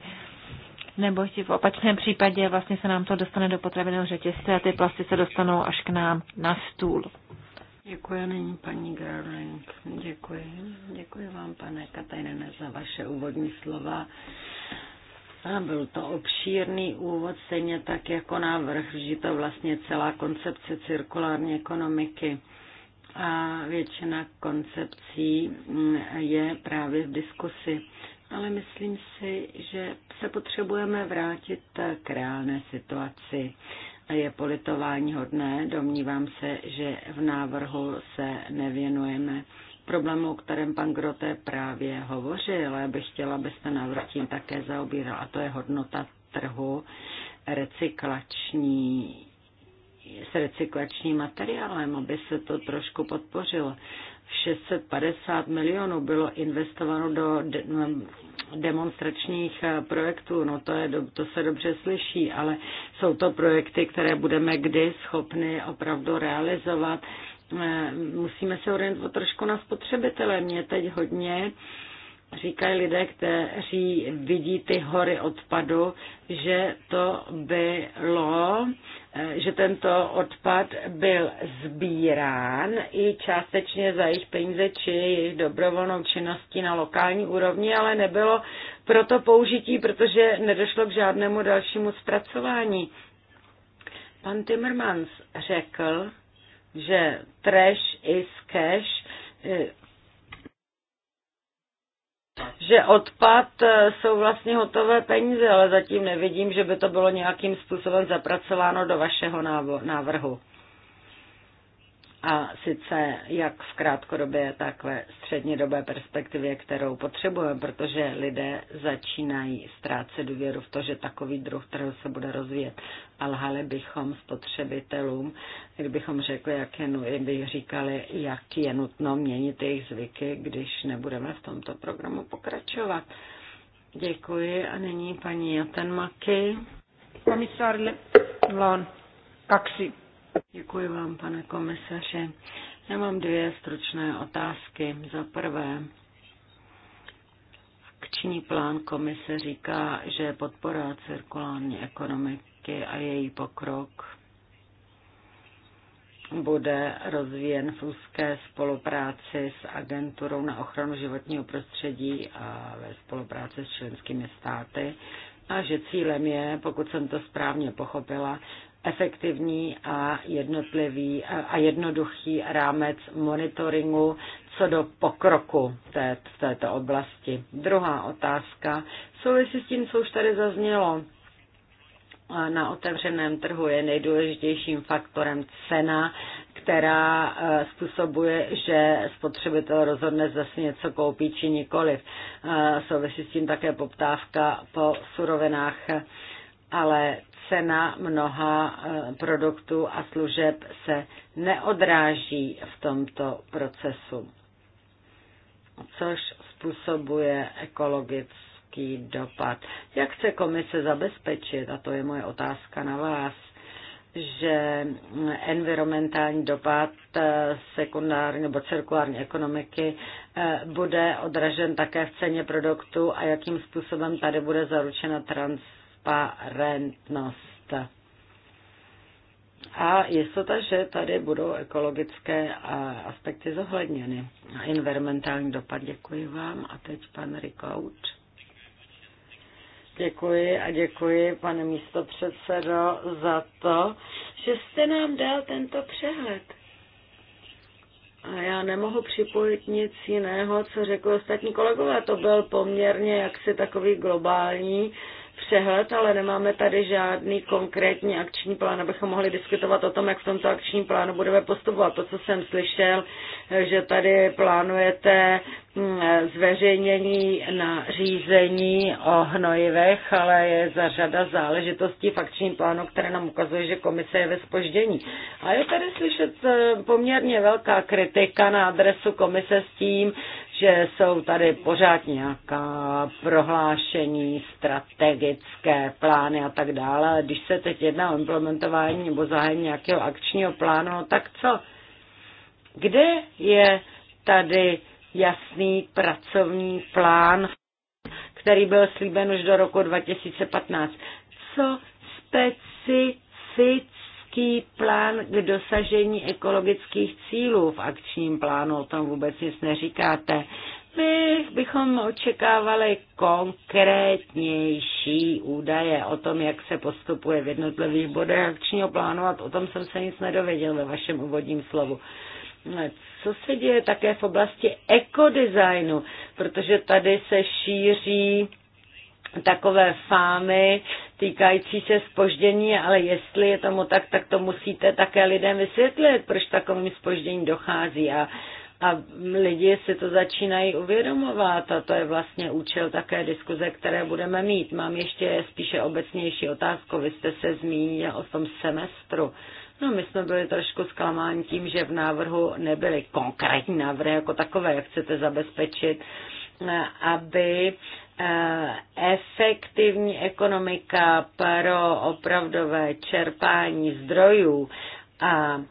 E: nebo v opačném případě vlastně se nám to dostane do potravinového řetězce a ty plasty se dostanou až k nám na stůl.
B: Děkuji, není paní Gerling. Děkuji. Děkuji vám, pane Katajnene, za vaše úvodní slova. A byl to obšírný úvod, stejně tak jako návrh, že to vlastně celá koncepce cirkulární ekonomiky a většina koncepcí je právě v diskusi. Ale myslím si, že se potřebujeme vrátit k reálné situaci. Je politování hodné, domnívám se, že v návrhu se nevěnujeme problému, o kterém pan Grote právě hovořil, ale bych chtěla, abyste návrh tím také zaobíral, a to je hodnota trhu recyklační s recyklačním materiálem, aby se to trošku podpořilo. 650 milionů bylo investováno do demonstračních eh, projektů. No to, je, to se dobře slyší, ale jsou to projekty, které budeme kdy schopni opravdu realizovat. Eh, musíme se orientovat trošku na spotřebitele. Mě teď hodně uh, říkají lidé, kteří vidí ty hory odpadu, že to bylo, eh, že tento odpad byl sbírán i částečně za jejich peníze či jejich dobrovolnou činností na lokální úrovni, ale nebylo pro to použití, protože nedošlo k žádnému dalšímu zpracování. Pan Timmermans řekl, že trash is cash, eh, že odpad e, jsou vlastně hotové peníze, ale zatím nevidím, že by to bylo nějakým způsobem zapracováno do vašeho návrhu a sice jak v krátkodobé, tak ve střednědobé perspektivě, kterou potřebujeme, protože lidé začínají ztrácet důvěru v to, že takový druh trhu se bude rozvíjet. A lhali bychom spotřebitelům, kdybychom řekli, jak je, by říkali, jak je nutno měnit jejich zvyky, když nebudeme v tomto programu pokračovat. Děkuji a nyní paní Jatenmaky. Komisár Lon, kaksi Děkuji vám, pane komisaři. Já mám dvě stručné otázky. Za prvé, akční plán komise říká, že podpora cirkulární ekonomiky a její pokrok bude rozvíjen v úzké spolupráci s Agenturou na ochranu životního prostředí a ve spolupráci s členskými státy a že cílem je, pokud jsem to správně pochopila, efektivní a jednotlivý a jednoduchý rámec monitoringu co do pokroku té, této oblasti. Druhá otázka souvisí s tím, co už tady zaznělo. Na otevřeném trhu je nejdůležitějším faktorem cena, která e, způsobuje, že spotřebitel rozhodne, zda si něco koupí či nikoliv. E, souvisí s tím také poptávka po surovinách ale cena mnoha eh, produktů a služeb se neodráží v tomto procesu, což způsobuje ekologický dopad. Jak chce komise zabezpečit, a to je moje otázka na vás, že environmentální dopad eh, sekundární nebo cirkulární ekonomiky eh, bude odražen také v ceně produktu a jakým způsobem tady bude zaručena transparentnost. A jistota, že tady budou ekologické aspekty zohledněny. A environmentální dopad, děkuji vám. A teď pan Rikouč. Děkuji a děkuji, pane místopředsedo, za to, že jste nám dal tento přehled. A já nemohu připojit nic jiného, co řekl ostatní kolegové. To byl poměrně jaksi takový globální přehled, ale nemáme tady žádný konkrétní akční plán, abychom mohli diskutovat o tom, jak v tomto akčním plánu budeme postupovat. To, co jsem slyšel, že tady plánujete hm, zveřejnění na řízení o hnojivech, ale je za řada záležitostí v akčním plánu, které nám ukazuje, že komise je ve spoždění. A je tady slyšet eh, poměrně velká kritika na adresu komise s tím, že jsou tady pořád nějaká prohlášení, strategické plány a tak dále, když se teď jedná o implementování nebo zahájení nějakého akčního plánu, no tak co? Kde je tady jasný pracovní plán, který byl slíben už do roku 2015? Co specificky jaký plán k dosažení ekologických cílů v akčním plánu, o tom vůbec nic neříkáte. My bychom očekávali konkrétnější údaje o tom, jak se postupuje v jednotlivých bodech akčního plánu a o tom jsem se nic nedověděl ve vašem úvodním slovu co se děje také v oblasti ekodesignu, protože tady se šíří takové fámy týkající se spoždění, ale jestli je tomu tak, tak to musíte také lidem vysvětlit, proč takovým spoždění dochází. A, a lidi si to začínají uvědomovat a to je vlastně účel také diskuze, které budeme mít. Mám ještě spíše obecnější otázku. Vy jste se zmínil o tom semestru. No, my jsme byli trošku zklamáni tím, že v návrhu nebyly konkrétní návrhy jako takové, jak chcete zabezpečit eh, aby Eh, efektivní ekonomika pro opravdové čerpání zdrojů a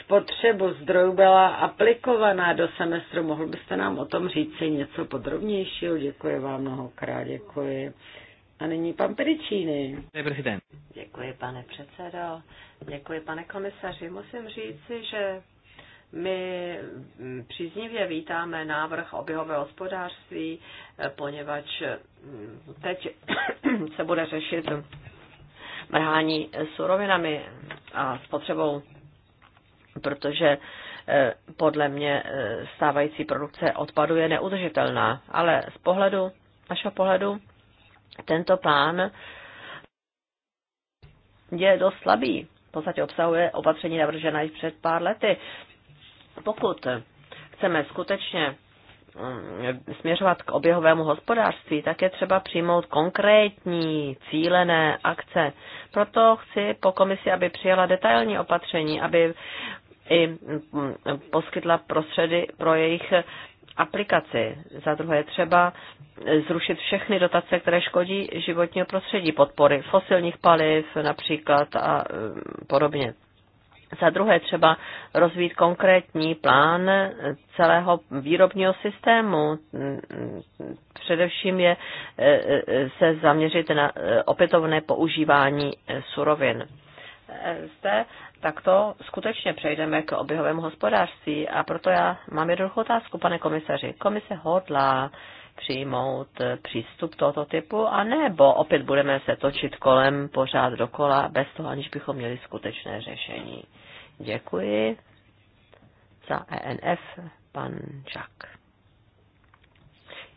B: spotřebu zdrojů byla aplikovaná do semestru. Mohl byste nám o tom říci něco podrobnějšího? Děkuji vám mnohokrát, děkuji.
C: A nyní pan Pedičíny. Děkuji, pane předsedo. Děkuji, pane komisaři. Musím říci, že my příznivě vítáme návrh oběhového hospodářství, poněvadž teď se bude řešit mrhání surovinami a spotřebou, protože eh, podle mě eh, stávající produkce odpadu je neudržitelná. Ale z pohledu, našeho pohledu, tento plán je dost slabý. V podstatě obsahuje opatření navržená před pár lety. Pokud chceme skutečně mm, směřovat k oběhovému hospodářství, tak je třeba přijmout konkrétní cílené akce. Proto chci po komisi, aby přijala detailní opatření, aby i mm, poskytla prostředy pro jejich aplikaci. Za druhé je třeba zrušit všechny dotace, které škodí životního prostředí, podpory fosilních paliv například a mm, podobně. Za druhé třeba rozvít konkrétní plán celého výrobního systému. Především je eh, se zaměřit na eh, opětovné používání eh, surovin. Zde takto skutečně přejdeme k oběhovému hospodářství a proto já mám jednoduchou otázku, pane komisaři. Komise hodlá přijmout eh, přístup tohoto typu, anebo opět budeme se točit kolem pořád dokola, bez toho, aniž bychom měli skutečné řešení. Děkuji za ENF, pan Čak.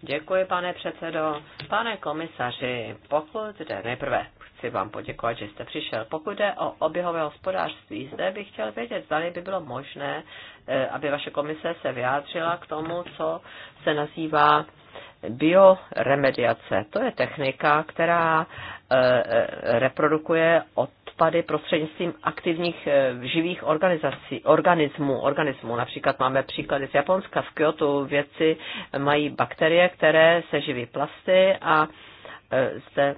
C: Děkuji, pane předsedo. Pane komisaři, pokud jde nejprve, chci vám poděkovat, že jste přišel. Pokud jde o oběhové hospodářství, zde bych chtěl vědět, zda by bylo možné, eh, aby vaše komise se vyjádřila k tomu, co se nazývá bioremediace. To je technika, která eh, eh, reprodukuje odpady prostřednictvím aktivních eh, živých organizací, organismů, organismů. Například máme příklady z Japonska. V Kyoto vědci mají bakterie, které se živí plasty a zde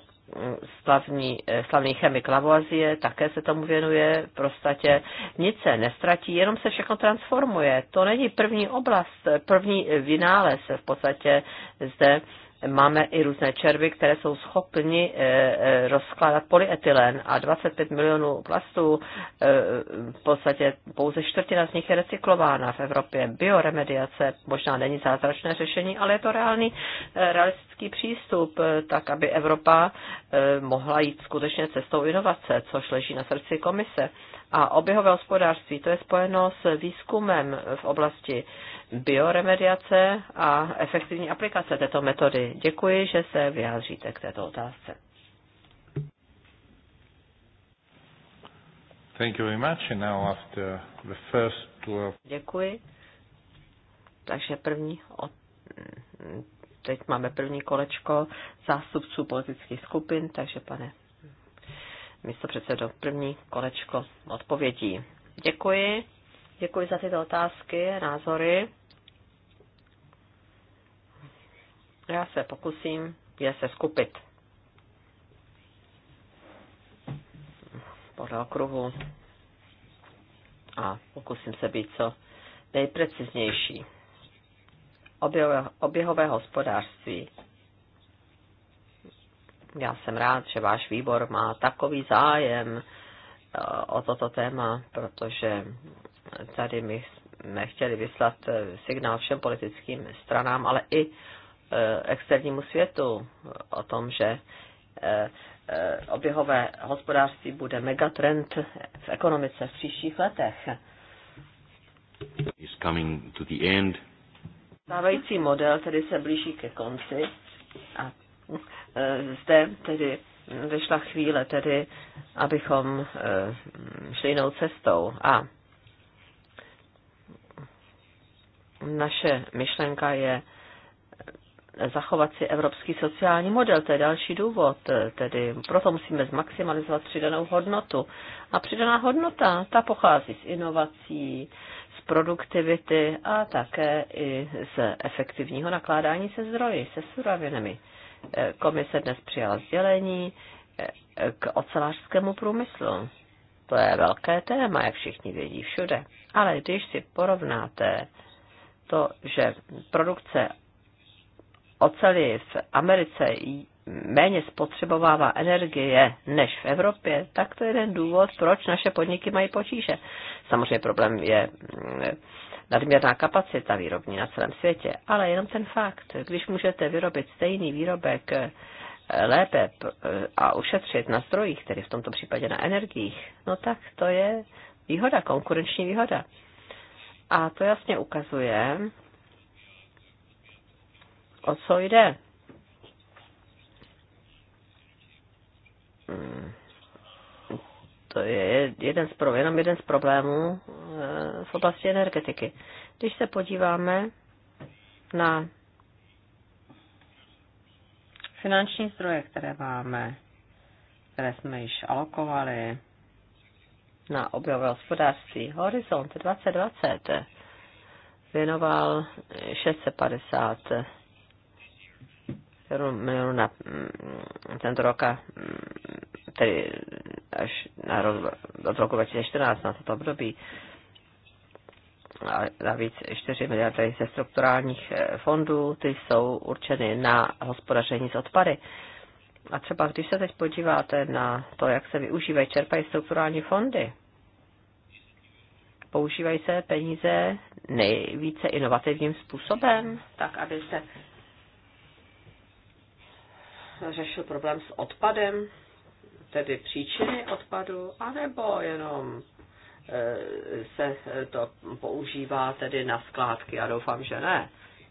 C: slavní, eh, slavný chemik Lavoisier také se tomu věnuje. V prostatě nic se nestratí, jenom se všechno transformuje. To není první oblast, eh, první eh, vynález v podstatě zde máme i různé červy, které jsou schopni eh, eh, rozkládat polyetylen a 25 milionů plastů, eh, v podstatě pouze čtvrtina z nich je recyklována v Evropě. Bioremediace možná není zázračné řešení, ale je to reálný, realistický přístup, tak aby Evropa mohla jít skutečně cestou inovace, což leží na srdci komise a oběhové hospodářství. To je spojeno s výzkumem v oblasti bioremediace a efektivní aplikace této metody. Děkuji, že se vyjádříte k této otázce.
D: Thank you very much. And now after the first
C: Děkuji. Takže první od... teď máme první kolečko zástupců politických skupin, takže pane místo předsedo. První kolečko odpovědí. Děkuji. Děkuji za tyto otázky, názory. Já se pokusím je se skupit podle okruhu a pokusím se být co nejpreciznější. Oběhové, oběhové hospodářství já jsem rád, že váš výbor má takový zájem eh, o toto téma, protože tady my jsme chtěli vyslat eh, signál všem politickým stranám, ale i eh, externímu světu o tom, že oběhové hospodářství bude megatrend v ekonomice v příštích letech. Stávající model tedy se blíží ke konci a Eh, zde tedy vyšla chvíle tedy, abychom eh, šli jinou cestou. A naše myšlenka je eh, zachovat si evropský sociální model. To je další důvod. Tedy proto musíme zmaximalizovat přidanou hodnotu. A přidaná hodnota, ta pochází z inovací, z produktivity a také i z efektivního nakládání se zdroji, se surovinami. Komise dnes přijala sdělení eh, k ocelářskému průmyslu. To je velké téma, jak všichni vědí všude. Ale když si porovnáte to, že produkce oceli v Americe méně spotřebovává energie než v Evropě, tak to je jeden důvod, proč naše podniky mají potíže. Samozřejmě problém je mm, nadměrná kapacita výrobní na celém světě, ale jenom ten fakt, když můžete vyrobit stejný výrobek eh, lépe eh, a ušetřit na zdrojích, tedy v tomto případě na energiích, no tak to je výhoda, konkurenční výhoda. A to jasně ukazuje, o co jde. Hmm to je jeden z, pro, jenom jeden z problémů eh, v oblasti energetiky. Když se podíváme na finanční zdroje, které máme, které jsme již alokovali na objevové hospodářství, Horizont 2020 věnoval 650 kterou na mm, tento rok a mm, tedy až na rok, od roku 2014 na toto období a navíc 4 miliardy ze strukturálních eh, fondů, ty jsou určeny na hospodaření s odpady. A třeba když se teď podíváte na to, jak se využívají, čerpají strukturální fondy, používají se peníze nejvíce inovativním způsobem, tak aby se řešil problém s odpadem, tedy příčiny odpadu, anebo jenom e, se to používá tedy na skládky. Já doufám, že ne.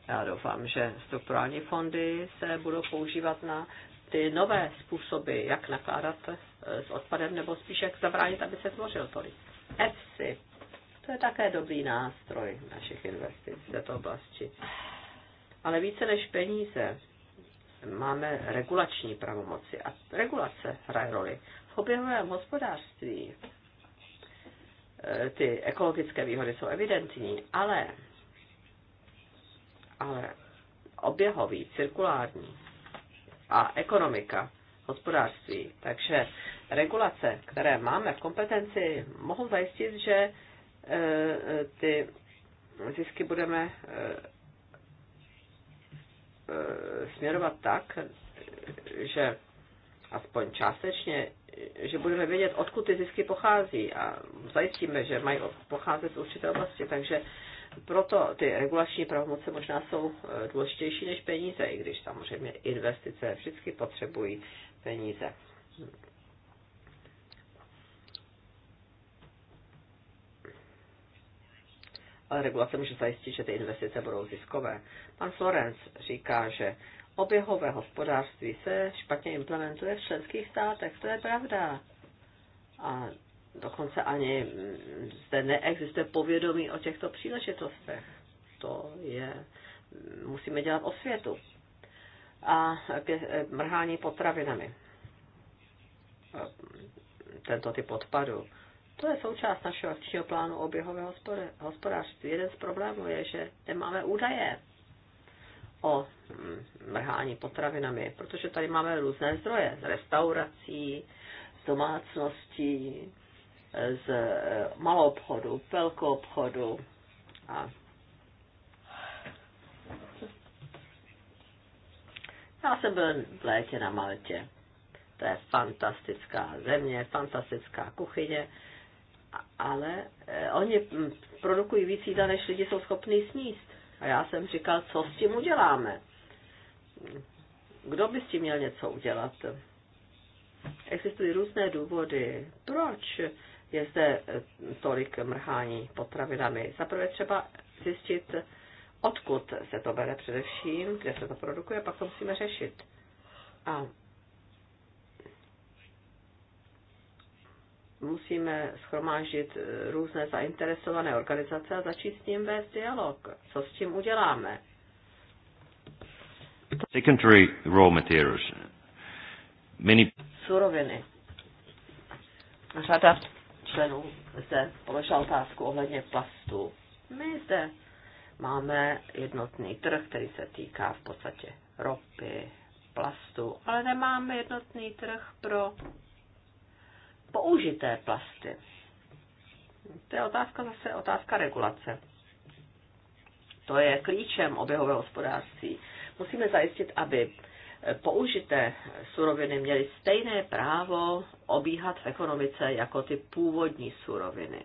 C: Já doufám, že strukturální fondy se budou používat na ty nové způsoby, jak nakládat e, s odpadem, nebo spíš jak zabránit, aby se tvořil tolik. EFSI, to je také dobrý nástroj našich investic v této oblasti. Ale více než peníze máme regulační pravomoci a regulace hraje roli. V oběhovém hospodářství e, ty ekologické výhody jsou evidentní, ale, ale oběhový, cirkulární a ekonomika, hospodářství, takže regulace, které máme v kompetenci, mohou zajistit, že e, e, ty zisky budeme E, směrovat tak, že aspoň částečně, že budeme vědět, odkud ty zisky pochází a zajistíme, že mají pocházet z určité oblasti, takže proto ty regulační pravomoce možná jsou e, důležitější než peníze, i když samozřejmě investice vždycky potřebují peníze. ale regulace může zajistit, že ty investice budou ziskové. Pan Florenc říká, že oběhové hospodářství se špatně implementuje v členských státech. To je pravda. A dokonce ani mm, zde neexistuje povědomí o těchto příležitostech. To je, mm, musíme dělat osvětu. A e, mrhání potravinami. E, tento typ odpadu to je součást našeho akčního plánu oběhového hospodářství. Jeden z problémů je, že nemáme údaje o mm, mrhání potravinami, protože tady máme různé zdroje z restaurací, z domácností, z e, malou obchodu, velkou obchodu a Já jsem byl v létě na Maltě. To je fantastická země, fantastická kuchyně ale e, oni produkují víc jídla, než lidi jsou schopni sníst. A já jsem říkal, co s tím uděláme? Kdo by s tím měl něco udělat? Existují různé důvody, proč je zde e, tolik mrhání potravinami. Zaprvé třeba zjistit, odkud se to bere především, kde se to produkuje, pak to musíme řešit. A musíme schromáždit eh, různé zainteresované organizace a začít s tím vést dialog. Co s tím uděláme?
D: Secondary raw materials.
C: Many... Suroviny. Řada členů zde položila otázku ohledně plastu. My zde máme jednotný trh, který se týká v podstatě ropy, plastu, ale nemáme jednotný trh pro použité plasty. To je otázka zase otázka regulace. To je klíčem oběhového hospodářství. Musíme zajistit, aby použité suroviny měly stejné právo obíhat v ekonomice jako ty původní suroviny.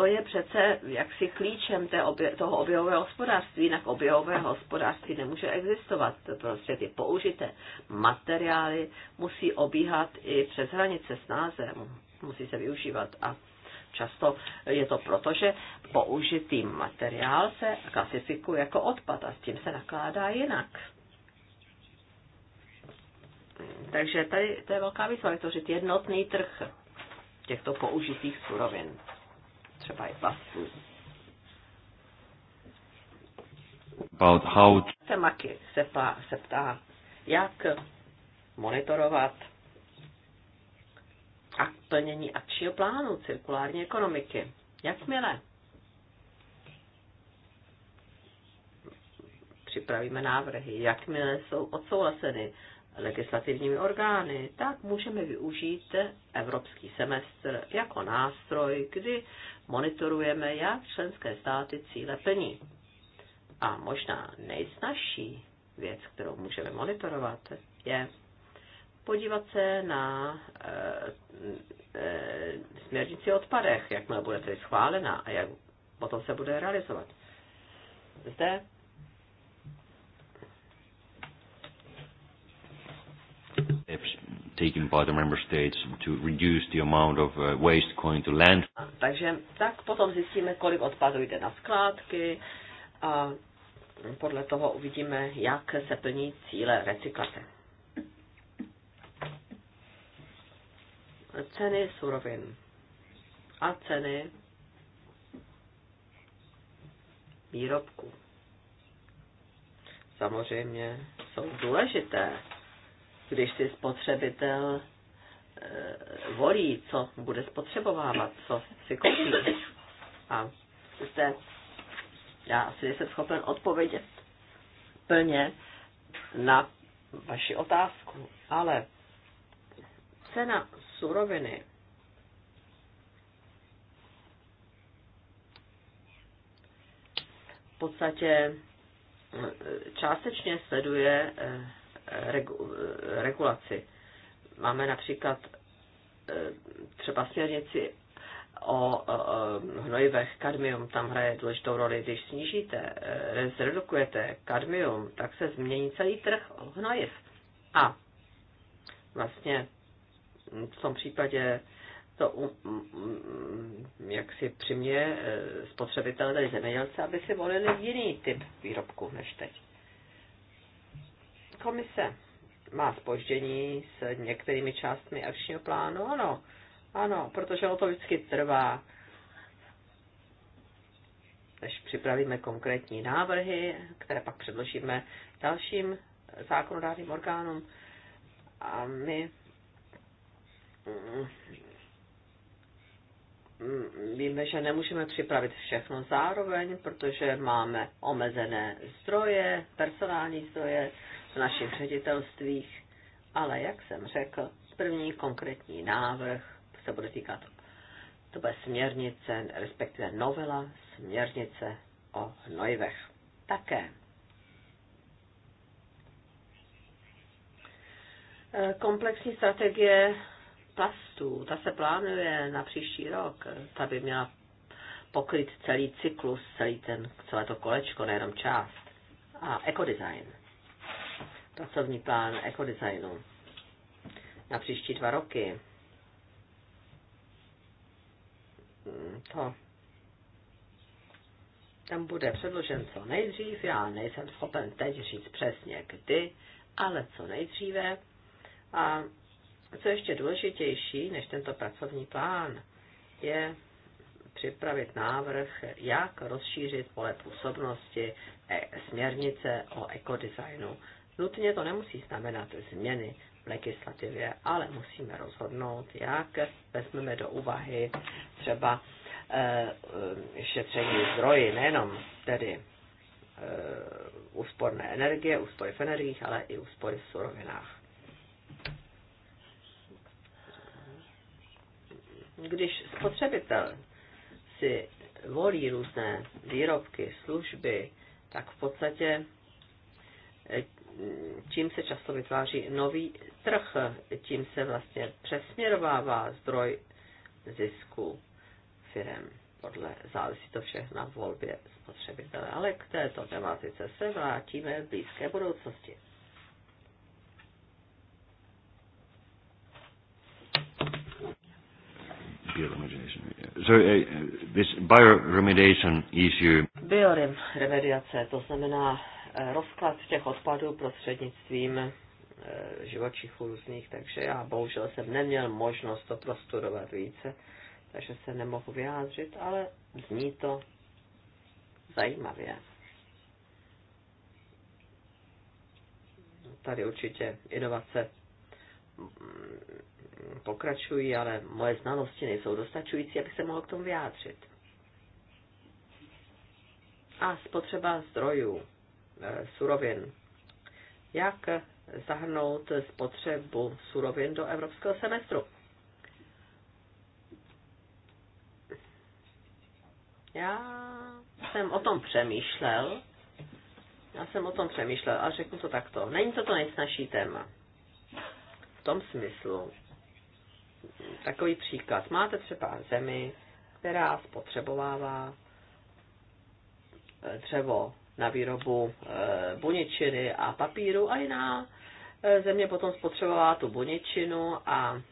C: to je přece jaksi klíčem té obje, toho objevového hospodářství, jinak objevové hospodářství nemůže existovat. Prostě ty použité materiály musí obíhat i přes hranice s názem, musí se využívat a často je to proto, že použitý materiál se klasifikuje jako odpad a s tím se nakládá jinak. Takže tady to je velká výzva že jednotný trh těchto použitých surovin třeba i vlastní.
D: About how to...
C: se, pá, se ptá, jak monitorovat a plnění akčního plánu cirkulární ekonomiky. Jakmile připravíme návrhy, jakmile jsou odsouhlaseny legislativními orgány, tak můžeme využít evropský semestr jako nástroj, kdy monitorujeme, jak členské státy cíle plní. A možná nejsnažší věc, kterou můžeme monitorovat, je podívat se na e, e, směrnici o odpadech, jakmile bude tedy schválena a jak potom se bude realizovat. Zde
D: taken by the member states to reduce the amount of uh, waste going to land.
C: Takže tak potom zjistíme, kolik odpadu jde na skládky a podle toho uvidíme, jak se plní cíle recyklace. Ceny surovin a ceny výrobků. Samozřejmě jsou důležité když si spotřebitel eh, volí, co bude spotřebovávat, co si koupí. A jste, já asi jsem schopen odpovědět plně na vaši otázku, ale cena suroviny v podstatě eh, částečně sleduje eh, regu, regulaci. Máme například eh, třeba směrnici o hnojivech kadmium, tam hraje důležitou roli. Když snížíte, eh, zredukujete kadmium, tak se změní celý trh hnojiv. A vlastně v tom případě to jak si přiměje eh, spotřebitele, tedy zemědělce, aby si volili jiný typ výrobku než teď. Komise má spoždění s některými částmi akčního plánu, ano, ano, protože o to vždycky trvá, než připravíme konkrétní návrhy, které pak předložíme dalším zákonodárným orgánům. A my mm, víme, že nemůžeme připravit všechno zároveň, protože máme omezené zdroje, personální zdroje, v našich ředitelstvích, ale jak jsem řekl, první konkrétní návrh se bude týkat, to bude směrnice, respektive novela směrnice o hnojivech. Také komplexní strategie plastů, ta se plánuje na příští rok, ta by měla pokryt celý cyklus, celý ten, celé to kolečko, nejenom část. A ekodesign pracovní plán ekodesignu na příští dva roky. Hmm, to tam bude předložen co nejdřív, já nejsem schopen teď říct přesně kdy, ale co nejdříve. A co ještě důležitější než tento pracovní plán, je připravit návrh, jak rozšířit pole působnosti e, směrnice o ekodesignu Nutně to nemusí znamenat změny v legislativě, ale musíme rozhodnout, jak vezmeme do úvahy třeba eh, šetření zdroji, nejenom tedy eh, úsporné energie, úspory v energiích, ale i úspory v surovinách. Když spotřebitel si volí různé výrobky, služby, tak v podstatě čím se často vytváří nový trh, tím se vlastně přesměrovává zdroj zisku firem. Podle závisí to vše na volbě spotřebitele. Ale k této tematice se vrátíme v blízké budoucnosti. Uh, Bioremediace, to znamená Eh, rozklad těch odpadů prostřednictvím eh, živočichů různých, takže já bohužel jsem neměl možnost to prostudovat více, takže se nemohu vyjádřit, ale zní to zajímavě. Tady určitě inovace mm, pokračují, ale moje znalosti nejsou dostačující, abych se mohl k tomu vyjádřit. A spotřeba zdrojů Eh, surovin. Jak zahrnout spotřebu surovin do evropského semestru? Já jsem o tom přemýšlel. Já jsem o tom přemýšlel a řeknu to takto. Není to to nejsnažší téma. V tom smyslu. Takový příklad. Máte třeba zemi, která spotřebovává eh, dřevo na výrobu e, buněčiny a papíru a jiná e, země potom spotřebovala tu buněčinu a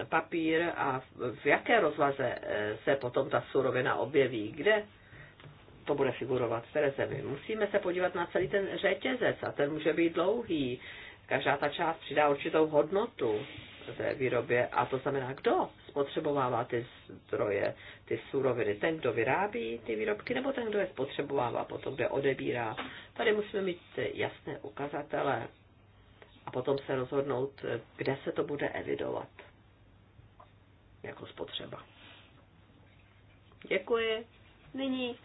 C: e, papír a v jaké rozvaze se potom ta surovina objeví, kde to bude figurovat v té zemi. Musíme se podívat na celý ten řetězec a ten může být dlouhý. Každá ta část přidá určitou hodnotu ve výrobě a to znamená, kdo spotřebovává ty zdroje, ty suroviny. Ten, kdo vyrábí ty výrobky, nebo ten, kdo je spotřebovává, potom kde je odebírá. Tady musíme mít jasné ukazatele a potom se rozhodnout, kde se to bude evidovat jako spotřeba. Děkuji. Nyní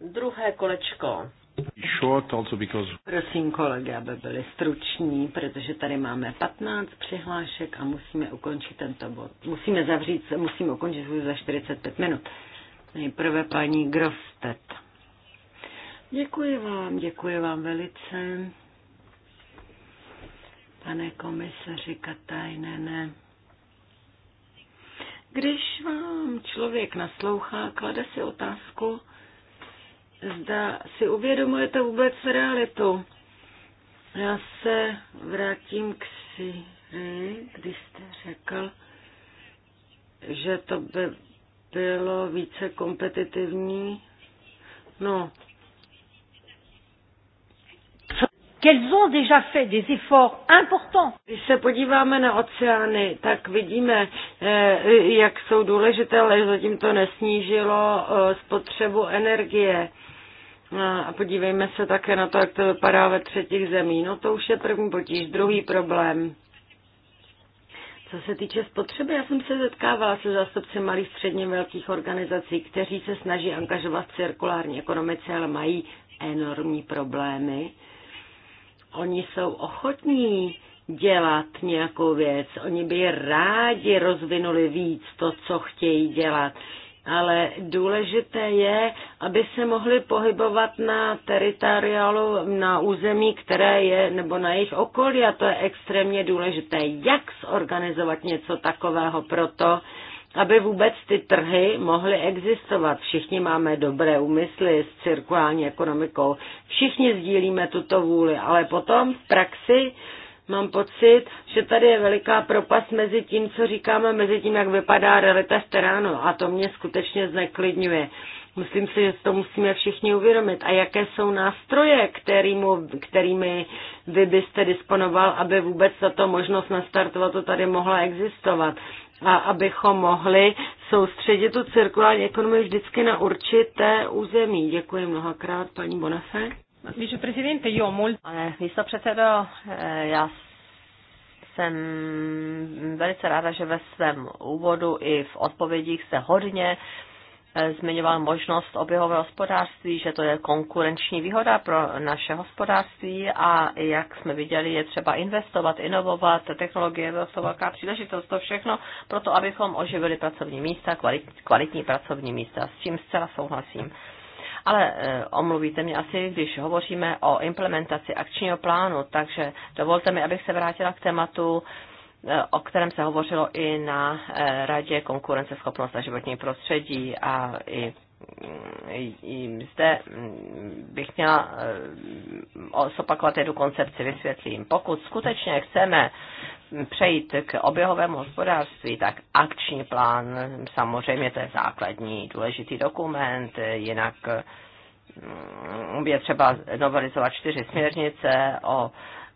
C: druhé kolečko Prosím
B: kolegy, aby byli struční, protože tady máme 15 přihlášek a musíme ukončit tento bod. Musíme zavřít, musíme ukončit už za 45 minut. Nejprve paní Grostet. Děkuji vám, děkuji vám velice. Pane komisaři Katajnene, když vám člověk naslouchá, klade si otázku, Zda si uvědomujete vůbec realitu. Já se vrátím k Siri, když jste řekl, že to by bylo více kompetitivní. No. Qu'elles ont déjà fait des efforts importants. Když se podíváme na oceány, tak vidíme, eh, jak jsou důležité, ale zatím to nesnížilo eh, spotřebu energie. A podívejme se také na to, jak to vypadá ve třetích zemí. No to už je první potíž. Druhý problém. Co se týče spotřeby, já jsem se setkávala se zástupci malých středně velkých organizací, kteří se snaží angažovat v cirkulární ekonomice, ale mají enormní problémy. Oni jsou ochotní dělat nějakou věc. Oni by rádi rozvinuli víc to, co chtějí dělat ale důležité je, aby se mohli pohybovat na teritoriálu, na území, které je, nebo na jejich okolí a to je extrémně důležité. Jak zorganizovat něco takového proto, aby vůbec ty trhy mohly existovat. Všichni máme dobré úmysly s cirkulární ekonomikou, všichni sdílíme tuto vůli, ale potom v praxi Mám pocit, že tady je veliká propast mezi tím, co říkáme, mezi tím, jak vypadá realita v teránu a to mě skutečně zneklidňuje. Myslím si, že to musíme všichni uvědomit. A jaké jsou nástroje, kterýmu, kterými vy byste disponoval, aby vůbec tato možnost nastartovat to tady mohla existovat? A abychom mohli soustředit tu cirkulární ekonomii vždycky na určité území. Děkuji mnohokrát, paní Bonafé. Viceprezidente, jo, mul... Pane
C: předsedo, eh, já jsem velice ráda, že ve svém úvodu i v odpovědích se hodně eh, zmiňoval možnost oběhového hospodářství, že to je konkurenční výhoda pro naše hospodářství a jak jsme viděli, je třeba investovat, inovovat, technologie to velká příležitost, to všechno proto, abychom oživili pracovní místa, kvalitní, kvalitní pracovní místa, s čím zcela souhlasím. Ale eh, omluvíte mě asi, když hovoříme o implementaci akčního plánu, takže dovolte mi, abych se vrátila k tématu, eh, o kterém se hovořilo i na eh, Radě konkurenceschopnost a životní prostředí a i zde hm, bych měla hm, zopakovat jednu koncepci, vysvětlím. Pokud skutečně chceme přejít k oběhovému hospodářství, tak akční plán, samozřejmě to je základní důležitý dokument, jinak hm, je třeba novelizovat čtyři směrnice o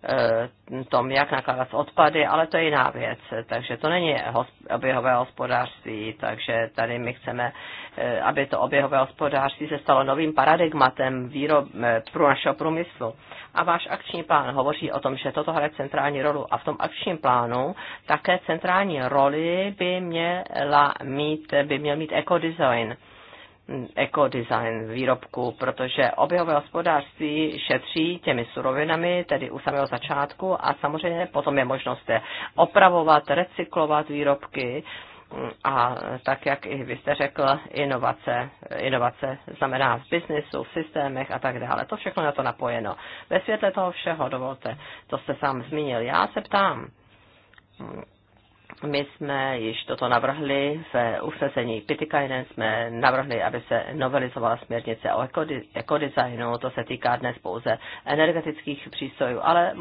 C: Eh, tom, jak nakládat s odpady, ale to je jiná věc. Takže to není oběhové hospodářství, takže tady my chceme, eh, aby to oběhové hospodářství se stalo novým paradigmatem výrob eh, pro našeho průmyslu. A váš akční plán hovoří o tom, že toto hraje centrální rolu a v tom akčním plánu také centrální roli by, měla mít, by měl mít ekodesign ekodesign výrobku, protože oběhové hospodářství šetří těmi surovinami, tedy u samého začátku a samozřejmě potom je možnost opravovat, recyklovat výrobky mm, a tak, jak i vy jste řekl, inovace. Inovace znamená v biznisu, v systémech a tak dále. To všechno je na to napojeno. Ve světle toho všeho, dovolte, to jste sám zmínil. Já se ptám, mm, my jsme již toto navrhli v usnesení Pitikainen, jsme navrhli, aby se novelizovala směrnice o ekodesignu, to se týká dnes pouze energetických přístrojů, ale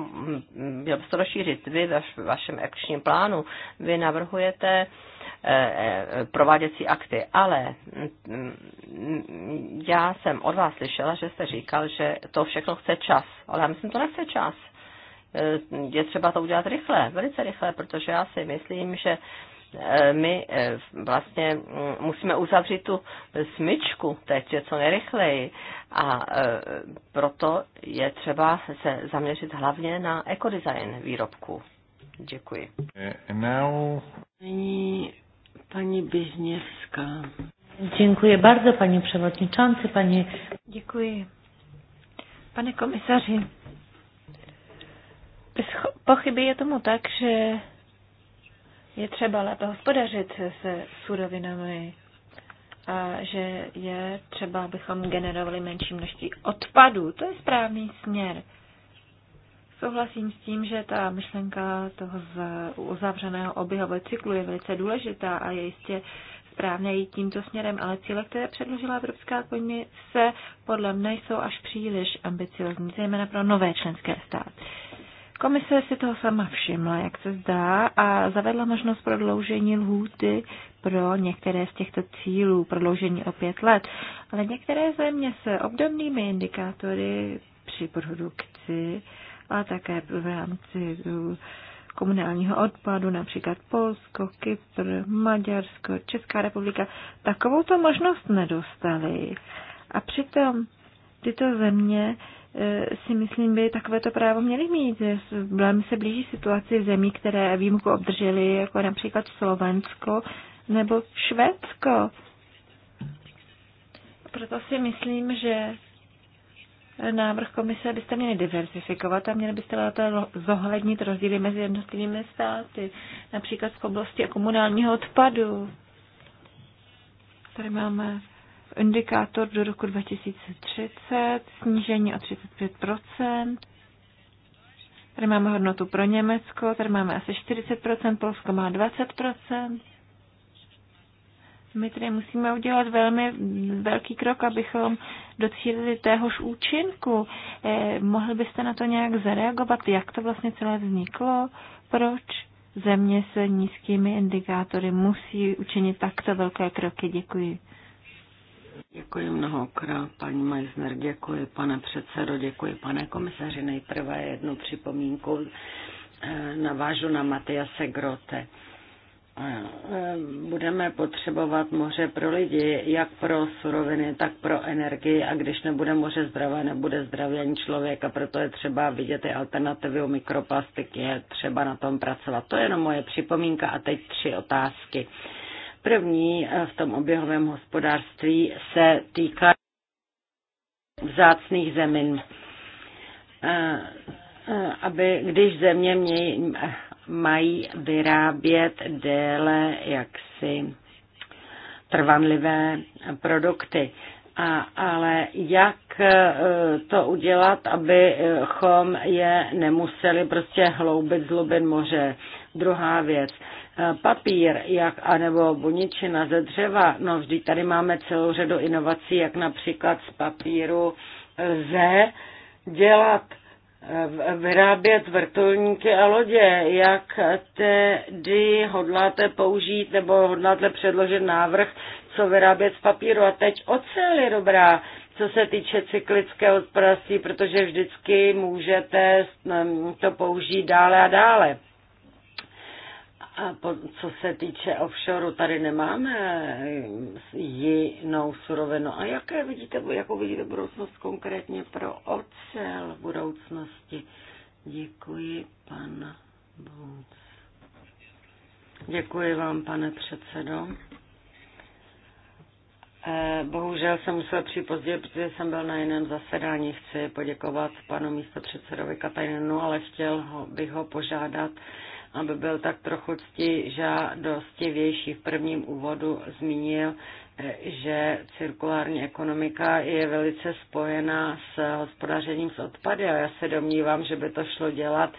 C: měl bych to rozšířit. Vy ve vašem akčním plánu, vy navrhujete e, e, prováděcí akty, ale já jsem od vás slyšela, že jste říkal, že to všechno chce čas, ale já myslím, to nechce čas Eh, je třeba to udělat rychle, velice rychle, protože já si myslím, že eh, my eh, vlastně mm, musíme uzavřít tu smyčku teď co nejrychleji a proto je třeba se zaměřit hlavně na ekodesign výrobku. Děkuji.
D: Now...
C: Nyní paní Bizněvská.
B: Děkuji bardzo, paní převodničanci, paní... Děkuji. Pane komisaři,
E: bez pochyby je tomu tak, že je třeba lépe hospodařit se surovinami a že je třeba, abychom generovali menší množství odpadů. To je správný směr. Souhlasím s tím, že ta myšlenka toho uzavřeného oběhového cyklu je velice důležitá a je jistě správně jít tímto směrem, ale cíle, které předložila Evropská komise, podle mne jsou až příliš ambiciozní, zejména pro nové členské státy. Komise si toho sama všimla, jak se zdá, a zavedla možnost prodloužení lhůty pro některé z těchto cílů, prodloužení o pět let. Ale některé země se obdobnými indikátory při produkci, a také v rámci eh, komunálního odpadu, například Polsko, Kypr, Maďarsko, Česká republika, takovou to možnost nedostali. A přitom tyto země E, si myslím, by takovéto právo měli mít. Velmi se blíží situaci v zemí, které výjimku obdrželi, jako například Slovensko nebo Švédsko. Proto si myslím, že návrh komise byste měli diversifikovat a měli byste to zohlednit rozdíly mezi jednotlivými státy, například v oblasti komunálního odpadu. Tady máme indikátor do roku 2030, snížení o 35 Tady máme hodnotu pro Německo, tady máme asi 40%, Polsko má 20%. My tady musíme udělat velmi velký krok, abychom docílili téhož účinku. Eh, mohl byste na to nějak zareagovat, jak to vlastně celé vzniklo, proč země se nízkými indikátory musí učinit takto velké kroky? Děkuji.
B: Děkuji mnohokrát, paní Meissner, děkuji, pane předsedo, děkuji, pane komisaři. Nejprve jednu připomínku eh, navážu na Matiase Grote. Eh, budeme potřebovat moře pro lidi, jak pro suroviny, tak pro energii a když nebude moře zdravé, nebude zdravý ani člověk a proto je třeba vidět i u mikroplastiky, je třeba na tom pracovat. To je jenom moje připomínka a teď tři otázky. První eh, v tom oběhovém hospodářství se týká vzácných zemin. Eh, eh, aby, když země měj, mají vyrábět déle jaksi trvanlivé produkty. A, ale jak e, to udělat, abychom je nemuseli prostě hloubit z hlubin moře? Druhá věc. E, papír jak, anebo buničina ze dřeva, no vždy tady máme celou řadu inovací, jak například z papíru lze dělat e, vyrábět vrtulníky a lodě. Jak tedy hodláte použít nebo hodláte předložit návrh, co vyrábět z papíru. A teď ocel je dobrá, co se týče cyklického hospodářství, protože vždycky můžete to použít dále a dále. A po, co se týče offshoreu, tady nemáme jinou surovinu. A jaké vidíte, jakou vidíte budoucnost konkrétně pro ocel v budoucnosti? Děkuji, pan Bůh. Děkuji vám, pane předsedo. Eh, bohužel jsem musel přijít později, protože jsem byl na jiném zasedání. Chci poděkovat panu místopředsedovi Katajnenu, ale chtěl ho, bych ho požádat, aby byl tak trochu cti žádostivější. V prvním úvodu zmínil, eh, že cirkulární ekonomika je velice spojena s hospodařením s odpady a já se domnívám, že by to šlo dělat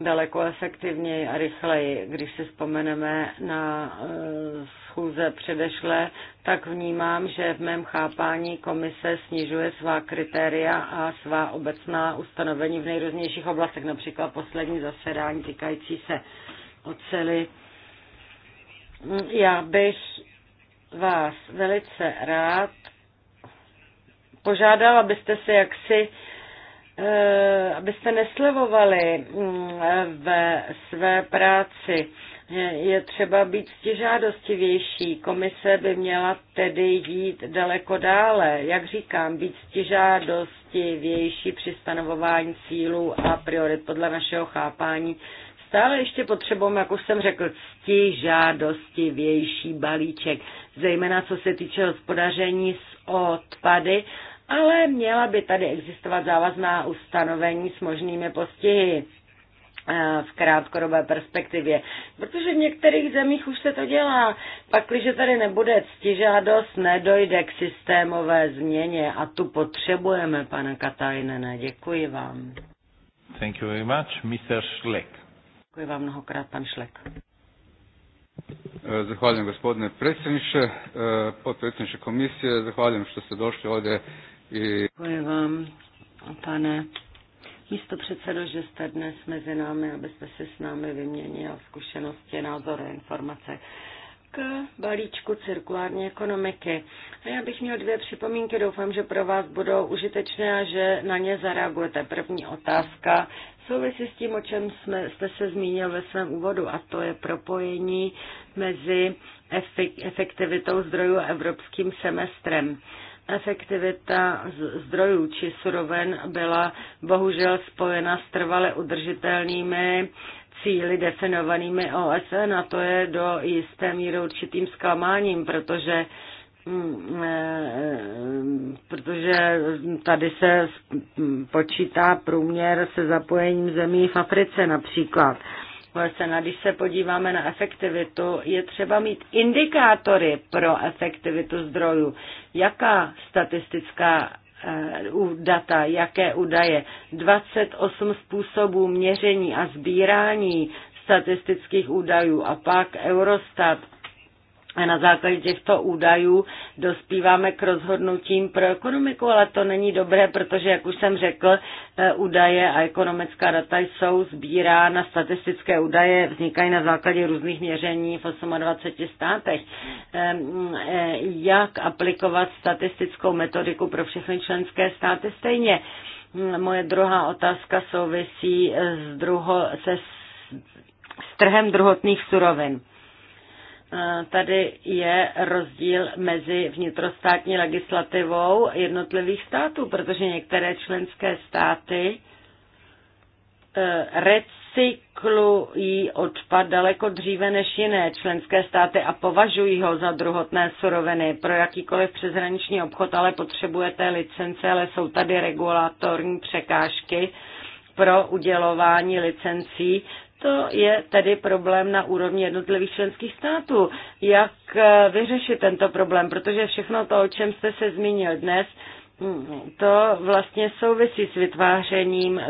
B: daleko efektivněji a rychleji. Když si vzpomeneme na eh, schůze předešlé, tak vnímám, že v mém chápání komise snižuje svá kritéria a svá obecná ustanovení v nejrůznějších oblastech, například poslední zasedání týkající se oceli. Já bych vás velice rád požádal, abyste se jaksi Eh, abyste neslevovali mm, ve své práci. Je třeba být stěžádostivější. Komise by měla tedy jít daleko dále. Jak říkám, být stěžádostivější při stanovování cílů a priorit podle našeho chápání. Stále ještě potřebujeme, jak už jsem řekl, stěžádostivější balíček, zejména co se týče hospodaření s odpady ale měla by tady existovat závazná ustanovení s možnými postihy eh, v krátkodobé perspektivě. Protože v některých zemích už se to dělá. Pak, když tady nebude ctižádost, nedojde k systémové změně a tu potřebujeme, pane Katajnene. Děkuji vám.
A: Thank you very much, Mr. Schleck.
B: Děkuji vám mnohokrát, pan Schleck.
A: Eh, zahvaljujem gospodine predsjedniče, eh, potpredsjedniče komisije, zahvaljujem što ste došli ovdje Děkuji
B: vám, pane místo předsedo, že jste dnes mezi námi, abyste si s námi vyměnil zkušenosti, názory, informace k balíčku cirkulární ekonomiky. A já bych měl dvě připomínky, doufám, že pro vás budou užitečné a že na ně zareagujete. První otázka souvisí s tím, o čem jsme, jste se zmínil ve svém úvodu, a to je propojení mezi efektivitou zdrojů a evropským semestrem efektivita zdrojů či suroven byla bohužel spojena s trvale udržitelnými cíly definovanými OSN a to je do jisté míry určitým zklamáním, protože mm, e, protože tady se počítá průměr se zapojením zemí v Africe například cena. Když se podíváme na efektivitu, je třeba mít indikátory pro efektivitu zdrojů. Jaká statistická eh, data, jaké údaje, 28 způsobů měření a sbírání statistických údajů a pak Eurostat na základě těchto údajů dospíváme k rozhodnutím pro ekonomiku, ale to není dobré, protože, jak už jsem řekl, e, údaje a ekonomická data jsou sbírána, statistické údaje vznikají na základě různých měření v 28 státech. E, e, jak aplikovat statistickou metodiku pro všechny členské státy stejně? Moje druhá otázka souvisí s druho, se s trhem druhotných surovin. Eh, tady je rozdíl mezi vnitrostátní legislativou jednotlivých států, protože některé členské státy eh, recyklují odpad daleko dříve než jiné členské státy a považují ho za druhotné suroviny. Pro jakýkoliv přeshraniční obchod ale potřebujete licence, ale jsou tady regulatorní překážky pro udělování licencí to je tedy problém na úrovni jednotlivých členských států. Jak eh, vyřešit tento problém? Protože všechno to, o čem jste se zmínil dnes, to vlastně souvisí s vytvářením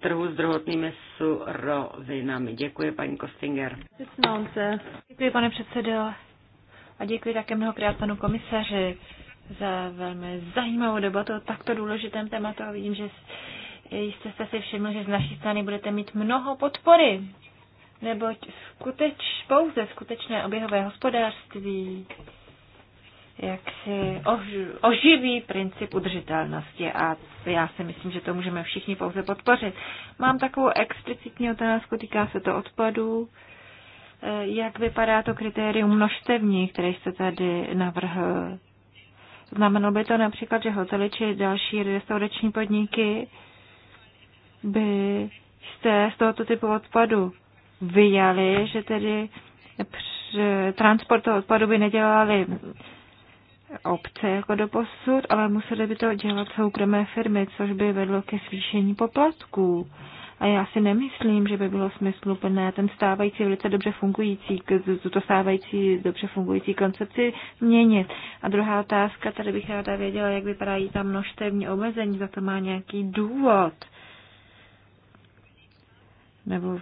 B: trhu s druhotnými surovinami. Děkuji, paní Kostinger.
E: Děkuji, pane předsedo. A děkuji také mnohokrát panu komisaři za velmi zajímavou debatu o takto důležitém tématu. Vidím, že Jistě jste si všiml, že z naší strany budete mít mnoho podpory, neboť skuteč, pouze skutečné oběhové hospodářství jak si oživí princip udržitelnosti a já si myslím, že to můžeme všichni pouze podpořit. Mám takovou explicitní otázku, týká se to odpadů. E, jak vypadá to kritérium množstevní, které jste tady navrhl? Znamenalo by to například, že hotely či další restaurační podniky byste z tohoto typu odpadu vyjali, že tedy transport toho odpadu by nedělali obce jako do posud, ale museli by to dělat soukromé firmy, což by vedlo ke zvýšení poplatků. A já si nemyslím, že by bylo smysluplné ten stávající velice dobře fungující, tuto stávající dobře fungující koncepci měnit. A druhá otázka, tady bych ráda věděla, jak vypadají tam množstevní omezení, za to má nějaký důvod. Nebo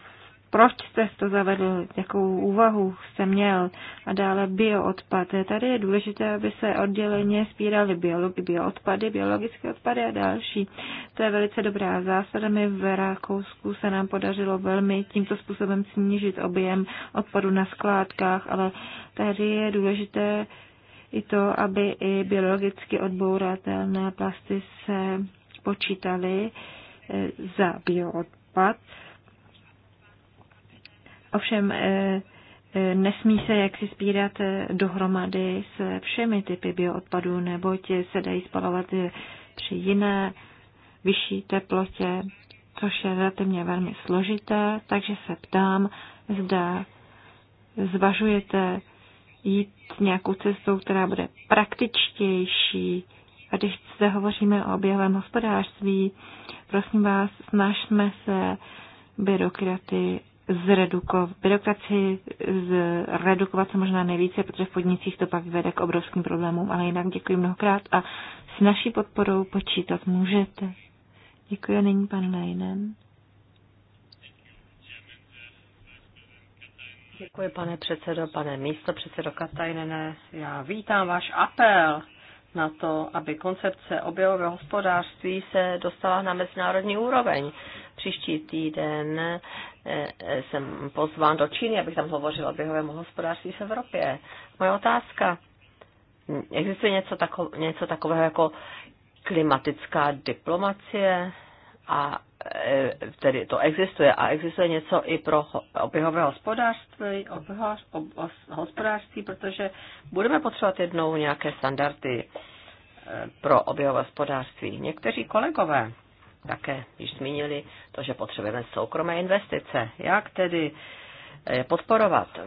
E: proč jste to zavedl, jakou úvahu jste měl a dále bioodpad. Tady je důležité, aby se odděleně spíraly biologi, bioodpady, biologické odpady a další. To je velice dobrá zásada. My v Rakousku se nám podařilo velmi tímto způsobem snížit objem odpadu na skládkách, ale tady je důležité i to, aby i biologicky odbouratelné plasty se počítaly eh, za bioodpad Ovšem eh, eh, nesmí se jaksi spírat eh, dohromady s všemi typy bioodpadů, neboť se dají spalovat při jiné vyšší teplotě, což je relativně velmi složité, takže se ptám, zda zvažujete jít nějakou cestou, která bude praktičtější. A když se hovoříme o oběhovém hospodářství, prosím vás, snažme se byrokraty zredukovat byrokracii, zredukovat se možná nejvíce, protože v podnicích to pak vede k obrovským problémům, ale jinak děkuji mnohokrát a s naší podporou počítat můžete. Děkuji a není pan Leinen.
C: Děkuji, pane předsedo, pane místo předsedo Katajnene. Já vítám váš apel na to, aby koncepce objevového hospodářství se dostala na mezinárodní úroveň. Příští týden eh, eh, jsem pozván do Číny, abych tam hovořil o běhovém hospodářství v Evropě. Moje otázka. Existuje něco, tako, něco takového jako klimatická diplomacie? A eh, tedy to existuje a existuje něco i pro oběhové hospodářství, oběho, ob, hospodářství, protože budeme potřebovat jednou nějaké standardy pro oběhové hospodářství. Někteří kolegové také již zmínili to, že potřebujeme soukromé investice. Jak tedy eh, je podporovat?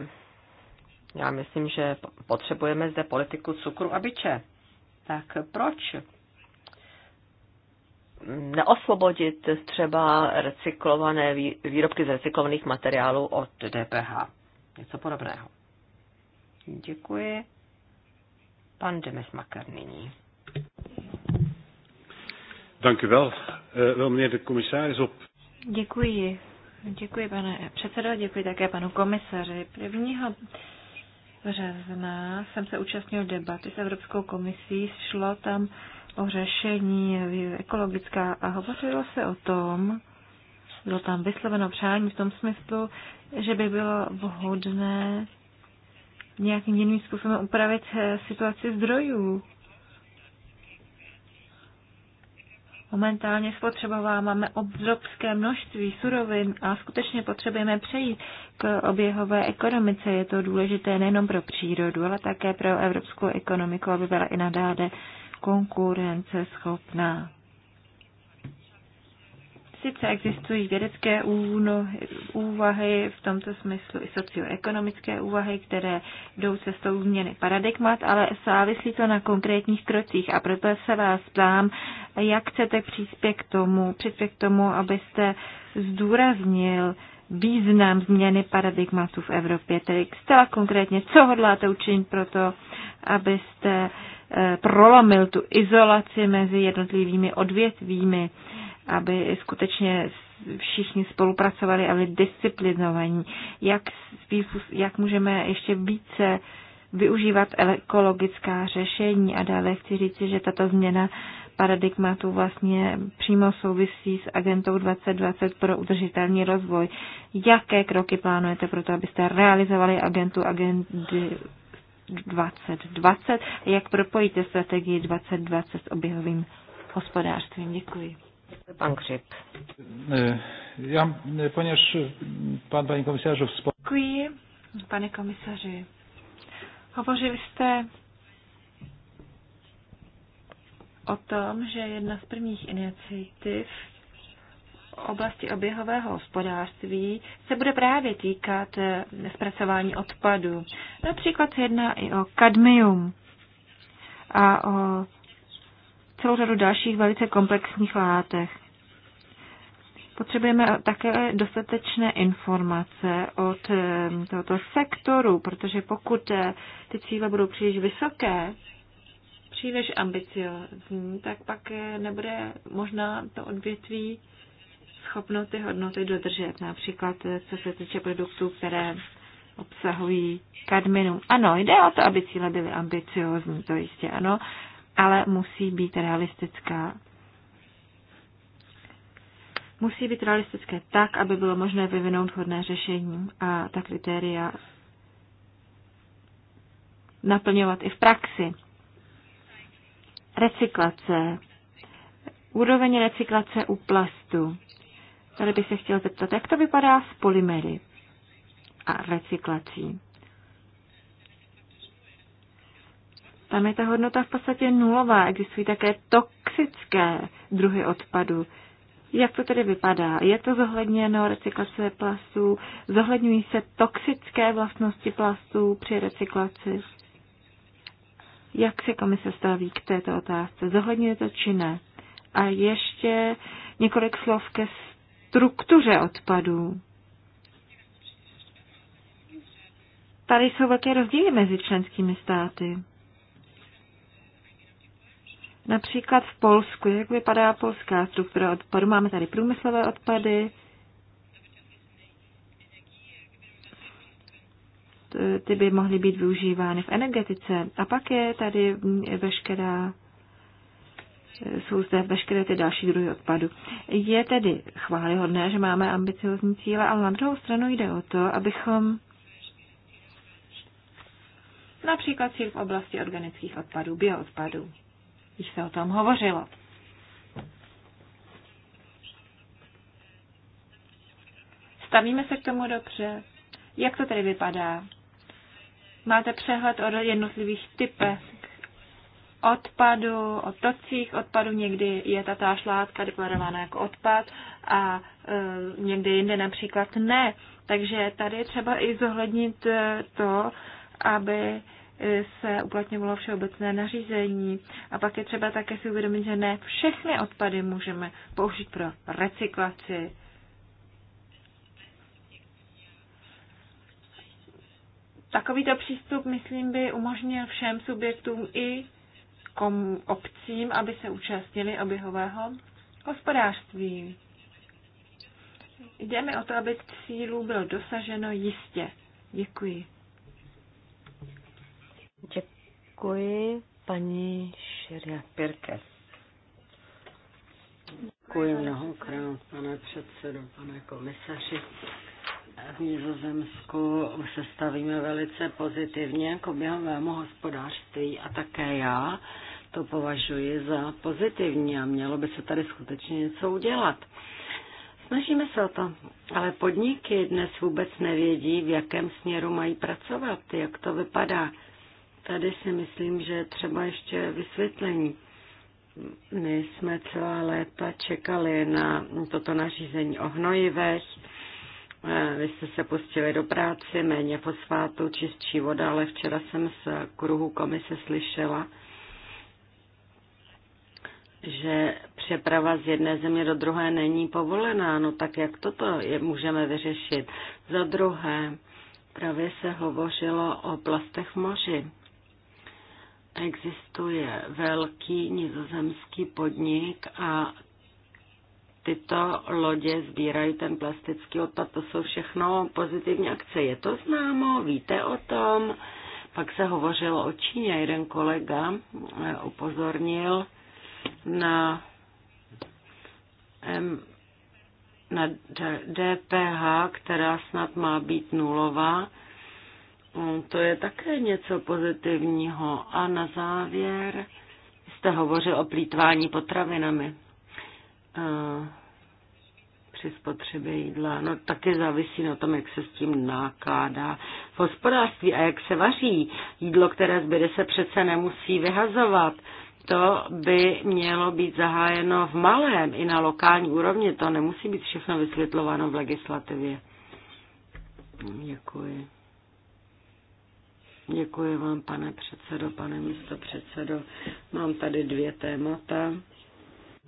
C: Já myslím, že potřebujeme zde politiku cukru a byče. Tak proč neosvobodit třeba recyklované výrobky z recyklovaných materiálů od DPH? Něco podobného. Děkuji. Pan Demesmaker nyní.
D: Dank u wel. Eh, wel meneer de commissaris op.
E: Děkuji. Děkuji, pane předsedo, děkuji také panu komisaři. Prvního března jsem se účastnil debaty s Evropskou komisí, šlo tam o řešení ekologická a hovořilo se o tom, bylo tam vysloveno přání v tom smyslu, že by bylo vhodné nějakým jiným způsobem upravit eh, situaci zdrojů. Momentálně spotřebováváme obrovské množství surovin a skutečně potřebujeme přejít k oběhové ekonomice. Je to důležité nejenom pro přírodu, ale také pro evropskou ekonomiku, aby byla i nadále konkurenceschopná sice existují vědecké úvahy, v tomto smyslu i socioekonomické úvahy, které jdou cestou změny paradigmat, ale závisí to na konkrétních krocích a proto se vás ptám, jak chcete přispět k tomu, přispět k tomu, abyste zdůraznil význam změny paradigmatu v Evropě, tedy zcela konkrétně, co hodláte učinit pro to, abyste eh, prolomil tu izolaci mezi jednotlivými odvětvími, aby skutečně všichni spolupracovali a byli disciplinovaní. Jak, jak můžeme ještě více využívat ekologická řešení a dále chci říct, že tato změna paradigmatu vlastně přímo souvisí s agentou 2020 pro udržitelný rozvoj. Jaké kroky plánujete pro to, abyste realizovali agentu agendy 2020 a jak propojíte strategii 2020 s oběhovým hospodářstvím? Děkuji.
C: Pan Křip. E,
A: já, e, poněž pan, paní komisařu, vzpomínám. Děkuji,
E: pane komisaři. Hovořili jste o tom, že jedna z prvních iniciativ v oblasti oběhového hospodářství se bude právě týkat e, zpracování odpadu. Například jedná i o kadmium a o celou řadu dalších velice komplexních látek. Potřebujeme také dostatečné informace od eh, tohoto sektoru, protože pokud eh, ty cíle budou příliš vysoké, příliš ambiciozní, tak pak eh, nebude možná to odvětví schopno ty hodnoty dodržet, například co se týče produktů, které obsahují kadminum. Ano, jde o to, aby cíle byly ambiciozní, to jistě ano, ale musí být realistická. Musí být realistické tak, aby bylo možné vyvinout vhodné řešení a ta kritéria naplňovat i v praxi. Recyklace. Úroveň recyklace u plastu. Tady bych se chtěl zeptat, jak to vypadá s polymery a recyklací. Tam je ta hodnota v podstatě nulová. Existují také toxické druhy odpadu. Jak to tedy vypadá? Je to zohledněno recyklace plastů? Zohledňují se toxické vlastnosti plastů při recyklaci? Jak se komise staví k této otázce? Zohledňuje to či ne? A ještě několik slov ke struktuře odpadů. Tady jsou velké rozdíly mezi členskými státy. Například v Polsku, jak vypadá polská struktura odpadu? Máme tady průmyslové odpady, ty by mohly být využívány v energetice. A pak je tady veškerá, jsou zde veškeré ty další druhy odpadu. Je tedy chválihodné, že máme ambiciozní cíle, ale na druhou stranu jde o to, abychom například cíl v oblasti organických odpadů, bioodpadů. Když se o tom hovořilo. Stavíme se k tomu dobře. Jak to tedy vypadá? Máte přehled o jednotlivých typech odpadu, o tocích odpadu, někdy je tatáž látka deklarována jako odpad a e, někdy jinde například ne. Takže tady je třeba i zohlednit e, to, aby se uplatňovalo všeobecné nařízení. A pak je třeba také si uvědomit, že ne všechny odpady můžeme použít pro recyklaci. Takovýto přístup, myslím, by umožnil všem subjektům i kom, obcím, aby se účastnili oběhového hospodářství. Jde mi o to, aby cílů bylo dosaženo jistě. Děkuji.
C: Děkuji paní Širia Pirke.
B: Děkuji mnohokrát, pane předsedo, pane komisaři. V Nizozemsku se stavíme velice pozitivně k jako oběhovému hospodářství a také já to považuji za pozitivní a mělo by se tady skutečně něco udělat. Snažíme se o to, ale podniky dnes vůbec nevědí, v jakém směru mají pracovat, jak to vypadá. Tady si myslím, že třeba ještě vysvětlení. My jsme celá léta čekali na toto nařízení o hnojivech. Eh, vy jste se pustili do práce, méně fosfátu, čistší voda, ale včera jsem z kruhu komise slyšela, že přeprava z jedné země do druhé není povolená. No tak jak toto je, můžeme vyřešit? Za druhé, právě se hovořilo o plastech v moři. Existuje velký nizozemský podnik a tyto lodě sbírají ten plastický odpad. To jsou všechno pozitivní akce. Je to známo? Víte o tom? Pak se hovořilo o Číně. Jeden kolega eh, upozornil na, na DPH, která snad má být nulová Mm, to je také něco pozitivního. A na závěr jste hovořil o plítvání potravinami při spotřebě jídla. No taky závisí na tom, jak se s tím nákládá v hospodářství a jak se vaří. Jídlo, které zbyde, se přece nemusí vyhazovat. To by mělo být zahájeno v malém i na lokální úrovni. To nemusí být všechno vysvětlováno v legislativě. Děkuji. Děkuji vám, pane předsedo, pane místo předsedo. Mám tady dvě témata.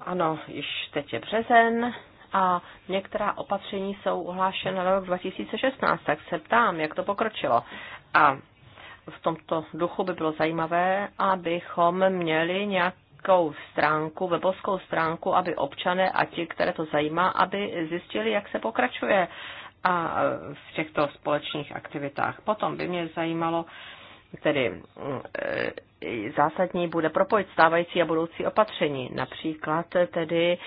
C: Ano, již teď je březen a některá opatření jsou uhlášena na rok 2016, tak se ptám, jak to pokročilo. A v tomto duchu by bylo zajímavé, abychom měli nějakou stránku, webovskou stránku, aby občané a ti, které to zajímá, aby zjistili, jak se pokračuje a v těchto společných aktivitách. Potom by mě zajímalo, tedy e, zásadní bude propojit stávající a budoucí opatření, například tedy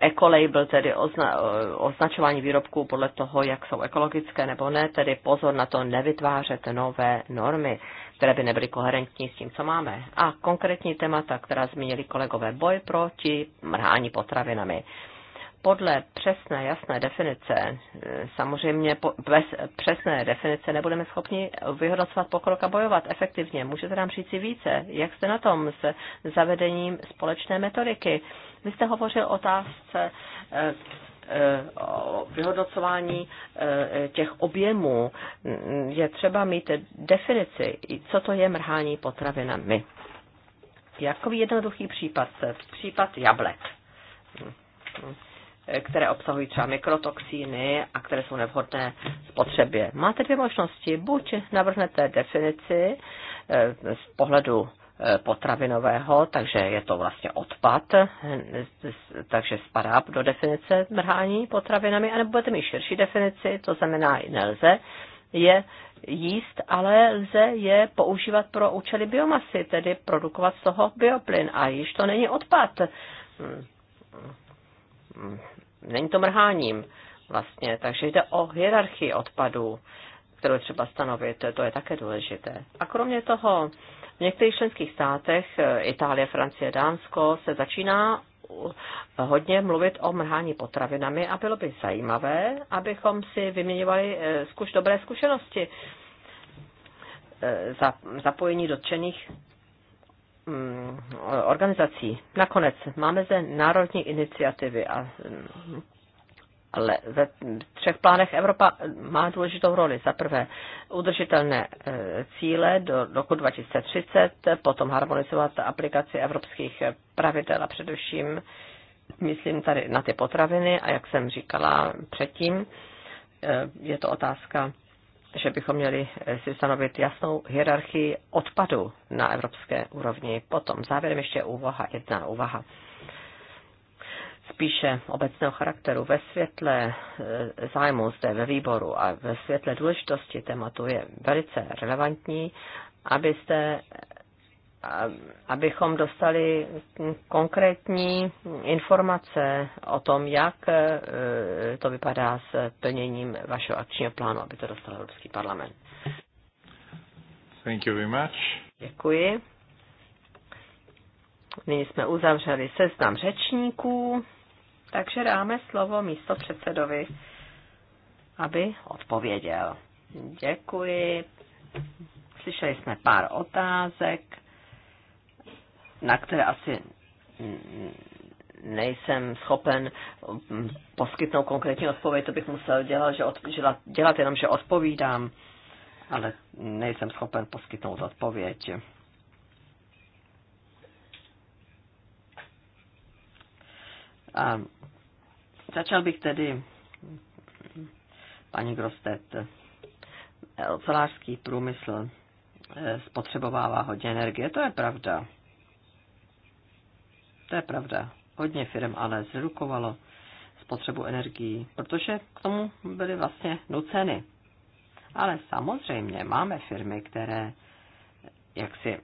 C: ecolabel, tedy ozna, e, označování výrobků podle toho, jak jsou ekologické nebo ne, tedy pozor na to nevytvářet nové normy, které by nebyly koherentní s tím, co máme. A konkrétní témata, která zmínili kolegové, boj proti mrhání potravinami podle přesné, jasné definice, eh, samozřejmě bez přesné definice nebudeme schopni vyhodnocovat pokrok a bojovat efektivně. Můžete nám říct si více, jak jste na tom s zavedením společné metodiky? Vy jste hovořil o otázce eh, eh, o vyhodnocování těch objemů. Je třeba mít definici, co to je mrhání potravinami. Jakový jednoduchý případ? Případ jablek. Hm, hm. E, které obsahují třeba mikrotoxíny a které jsou nevhodné spotřebě. Máte dvě možnosti. Buď navrhnete definici e, z pohledu e, potravinového, takže je to vlastně odpad, takže spadá do definice mrhání potravinami, anebo budete mít širší definici, to znamená, nelze je jíst, ale lze je používat pro účely biomasy, tedy produkovat z toho bioplyn. A již to není odpad není to mrháním vlastně, takže jde o hierarchii odpadů, kterou třeba stanovit, to je také důležité. A kromě toho, v některých členských státech, eh, Itálie, Francie, Dánsko, se začíná hodně mluvit o mrhání potravinami a bylo by zajímavé, abychom si vyměňovali eh, zkuš dobré zkušenosti eh, zapojení dotčených Mm, organizací. Nakonec máme zde národní iniciativy a mm, ale ve třech plánech Evropa má důležitou roli. Za prvé udržitelné e, cíle do roku 2030, potom harmonizovat aplikaci evropských pravidel a především myslím tady na ty potraviny a jak jsem říkala předtím, e, je to otázka že bychom měli eh, si stanovit jasnou hierarchii odpadu na evropské úrovni. Potom závěrem ještě úvaha, jedna úvaha spíše obecného charakteru ve světle eh, zájmu zde ve výboru a ve světle důležitosti tématu je velice relevantní, abyste abychom dostali konkrétní informace o tom, jak eh, to vypadá s plněním vašeho akčního plánu, aby to dostal Evropský parlament. Thank you very much. Děkuji. Nyní jsme uzavřeli seznam řečníků, takže dáme slovo místo předsedovi, aby odpověděl. Děkuji. Slyšeli jsme pár otázek na které asi nejsem schopen poskytnout konkrétní odpověď, to bych musel dělat, že od, dělat, dělat jenom, že odpovídám, ale nejsem schopen poskytnout odpověď. A začal bych tedy, paní Grostet, ocelářský průmysl eh, spotřebovává hodně energie, to je pravda. To je pravda. Hodně firm ale zredukovalo spotřebu energií, protože k tomu byly vlastně nuceny. Ale samozřejmě máme firmy, které jaksi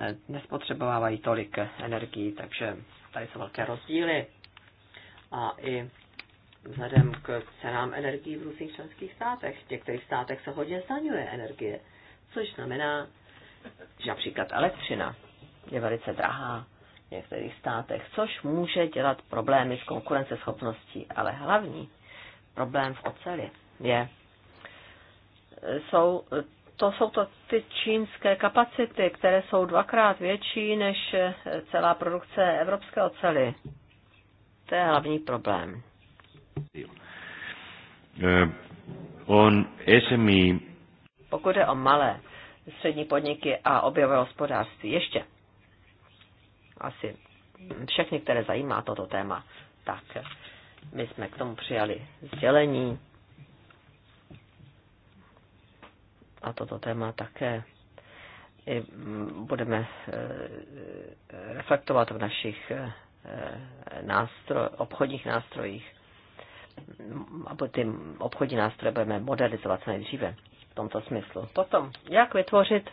C: eh, nespotřebovávají tolik energií, takže tady jsou velké rozdíly. A i vzhledem k cenám energií v různých členských státech. V některých státech se hodně zdaňuje energie, což znamená, že například elektřina je velice drahá některých státech, což může dělat problémy s konkurenceschopností. Ale hlavní problém v oceli je, jsou, to jsou to ty čínské kapacity, které jsou dvakrát větší než celá produkce evropské ocely. To je hlavní problém.
D: Eh, on SME.
C: Pokud je o malé střední podniky a objevové hospodářství, ještě asi všechny, které zajímá toto téma, tak my jsme k tomu přijali sdělení a toto téma také i mm, budeme e, e, reflektovat v našich e, nástroj, obchodních nástrojích. Aby ty obchodní nástroje budeme modernizovat co nejdříve v tomto smyslu. Potom, jak vytvořit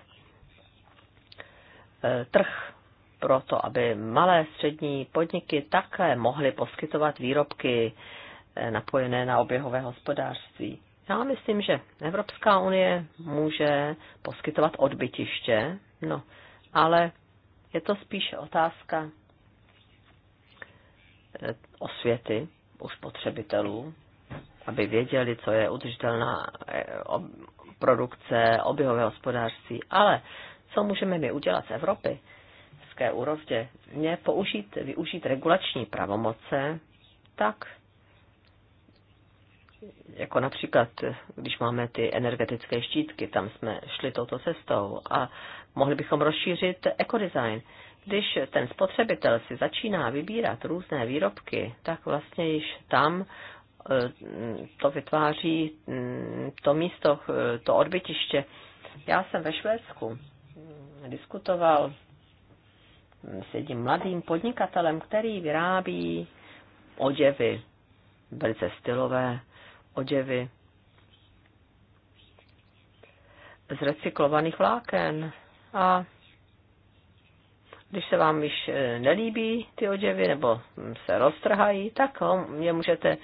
C: trh proto, aby malé střední podniky také mohly poskytovat výrobky eh, napojené na oběhové hospodářství. Já myslím, že Evropská unie může poskytovat odbytiště, no, ale je to spíše otázka eh, osvěty u spotřebitelů, aby věděli, co je udržitelná eh, produkce, oběhové hospodářství. Ale co můžeme my udělat z Evropy? evropské úrovně použít, využít regulační pravomoce, tak jako například, když máme ty energetické štítky, tam jsme šli touto cestou a mohli bychom rozšířit ekodesign. Když ten spotřebitel si začíná vybírat různé výrobky, tak vlastně již tam eh, to vytváří mm, to místo, eh, to odbytiště. Já jsem ve Švédsku mm, diskutoval sedím mladým podnikatelem, který vyrábí oděvy, velice stylové oděvy z recyklovaných vláken. A když se vám již eh, nelíbí ty oděvy nebo se roztrhají, tak je můžete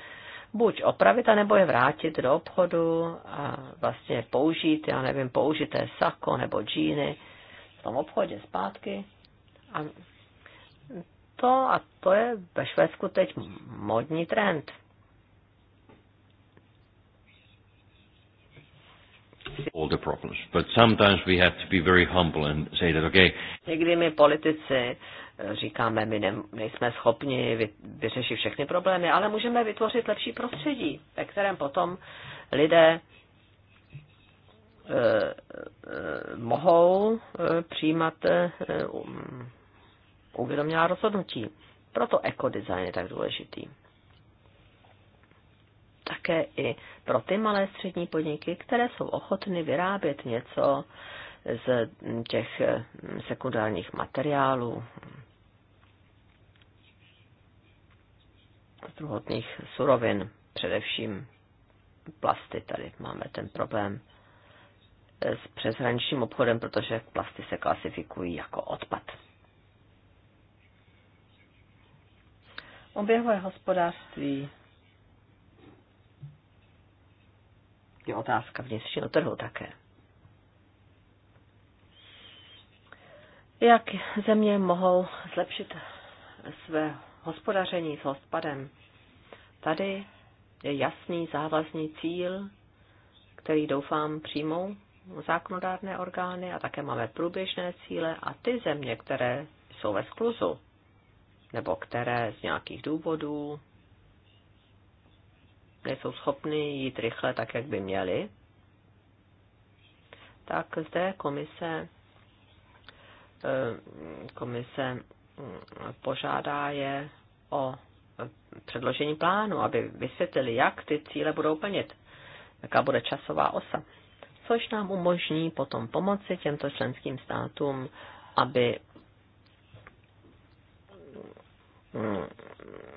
C: buď opravit, anebo je vrátit do obchodu a vlastně použít, já nevím, použité sako nebo džíny v tom obchodě zpátky a to, a to je ve Švédsku teď modní trend.
D: all the problems. But sometimes we have to be very humble and say that, okay.
C: Někdy my politici eh, říkáme, my ne, nejsme schopni vy, vyřešit všechny problémy, ale můžeme vytvořit lepší prostředí, ve kterém potom lidé e, e, mohou e, přijímat e, um, uvědomělá rozhodnutí. Proto ekodesign je tak důležitý. Také i pro ty malé střední podniky, které jsou ochotny vyrábět něco z těch sekundárních materiálů, z druhotných surovin, především plasty. Tady máme ten problém s přeshraničním obchodem, protože plasty se klasifikují jako odpad. Oběhové hospodářství je otázka vnitřního trhu také. Jak země mohou zlepšit své hospodaření s hospodem? Tady je jasný závazný cíl, který doufám přijmou zákonodárné orgány a také máme průběžné cíle a ty země, které jsou ve skluzu, nebo které z nějakých důvodů nejsou schopny jít rychle tak, jak by měly, tak zde komise, eh, komise hm, požádá je o předložení plánu, aby vysvětlili, jak ty cíle budou plnit, jaká bude časová osa, což nám umožní potom pomoci těmto členským státům, aby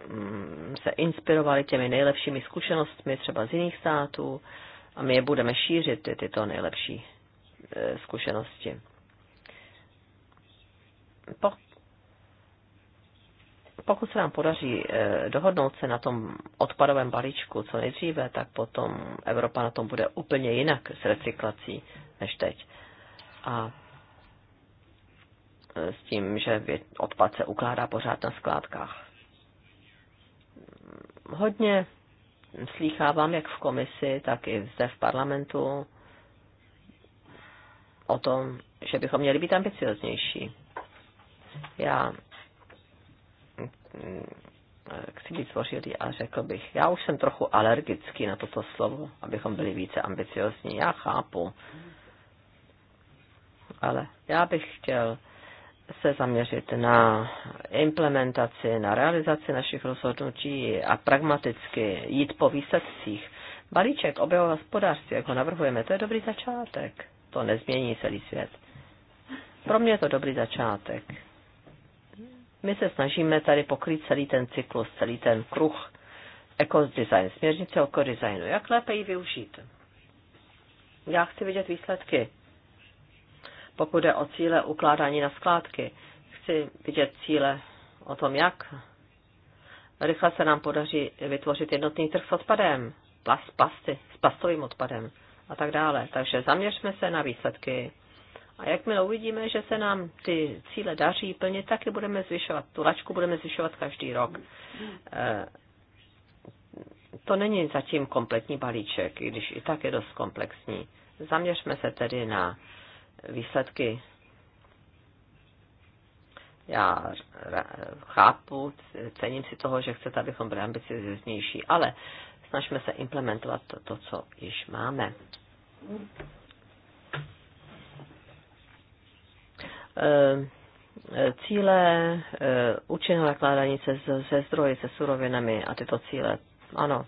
C: Mm, se inspirovali těmi nejlepšími zkušenostmi třeba z jiných států a my je budeme šířit, ty, tyto nejlepší e, zkušenosti. Po, pokud se nám podaří e, dohodnout se na tom odpadovém balíčku co nejdříve, tak potom Evropa na tom bude úplně jinak s recyklací než teď. A s tím, že odpad se ukládá pořád na skládkách. Hodně slýchávám jak v komisi, tak i zde v parlamentu o tom, že bychom měli být ambicioznější. Já mm, chci být tvořilý a řekl bych, já už jsem trochu alergický na toto slovo, abychom byli více ambiciozní. Já chápu, ale já bych chtěl se zaměřit na implementaci, na realizaci našich rozhodnutí a pragmaticky jít po výsledcích. Balíček objevu hospodářství, jak ho navrhujeme, to je dobrý začátek. To nezmění celý svět. Pro mě je to dobrý začátek. My se snažíme tady pokrýt celý ten cyklus, celý ten kruh ekodesign, směrnice o ekodesignu. Jak lépe ji využít? Já chci vidět výsledky pokud jde o cíle ukládání na skládky, chci vidět cíle o tom, jak rychle se nám podaří vytvořit jednotný trh s odpadem, plast, plasty, s plastovým odpadem a tak dále. Takže zaměřme se na výsledky. A jakmile uvidíme, že se nám ty cíle daří plně, taky budeme zvyšovat. Tu lačku budeme zvyšovat každý rok. Eh, to není zatím kompletní balíček, i když i tak je dost komplexní. Zaměřme se tedy na výsledky. Já chápu, cením si toho, že chcete, abychom byli ambicioznější, ale snažíme se implementovat to, to co již máme. Eh, eh, cíle eh, účinného nakládání se, se zdroji, se surovinami a tyto cíle, ano,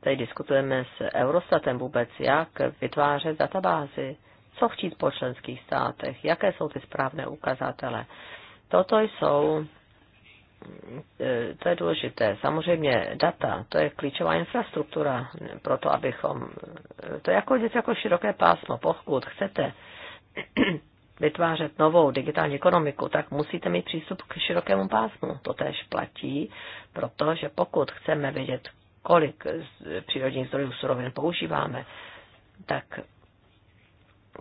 C: Tady diskutujeme s Eurostatem vůbec, jak vytvářet databázy co chtít po členských státech, jaké jsou ty správné ukazatele. Toto jsou, e, to je důležité. Samozřejmě data, to je klíčová infrastruktura pro to, abychom, e, to je jako, jako široké pásmo, pokud chcete vytvářet novou digitální ekonomiku, tak musíte mít přístup k širokému pásmu. To tež platí, protože pokud chceme vědět, kolik z přírodních zdrojů surovin používáme, tak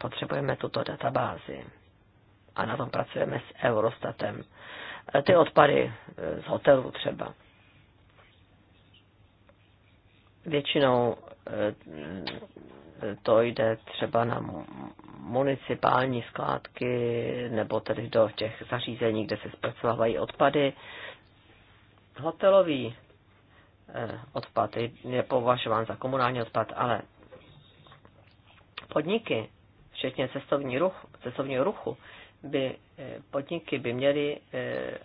C: potřebujeme tuto databázi. A na tom pracujeme s Eurostatem. E, ty odpady e, z hotelu třeba. Většinou e, to jde třeba na municipální skládky nebo tedy do těch zařízení, kde se zpracovávají odpady. Hotelový odpad je považován za komunální odpad, ale podniky včetně cestovní ruch, cestovního ruchu, by eh, podniky by měly eh,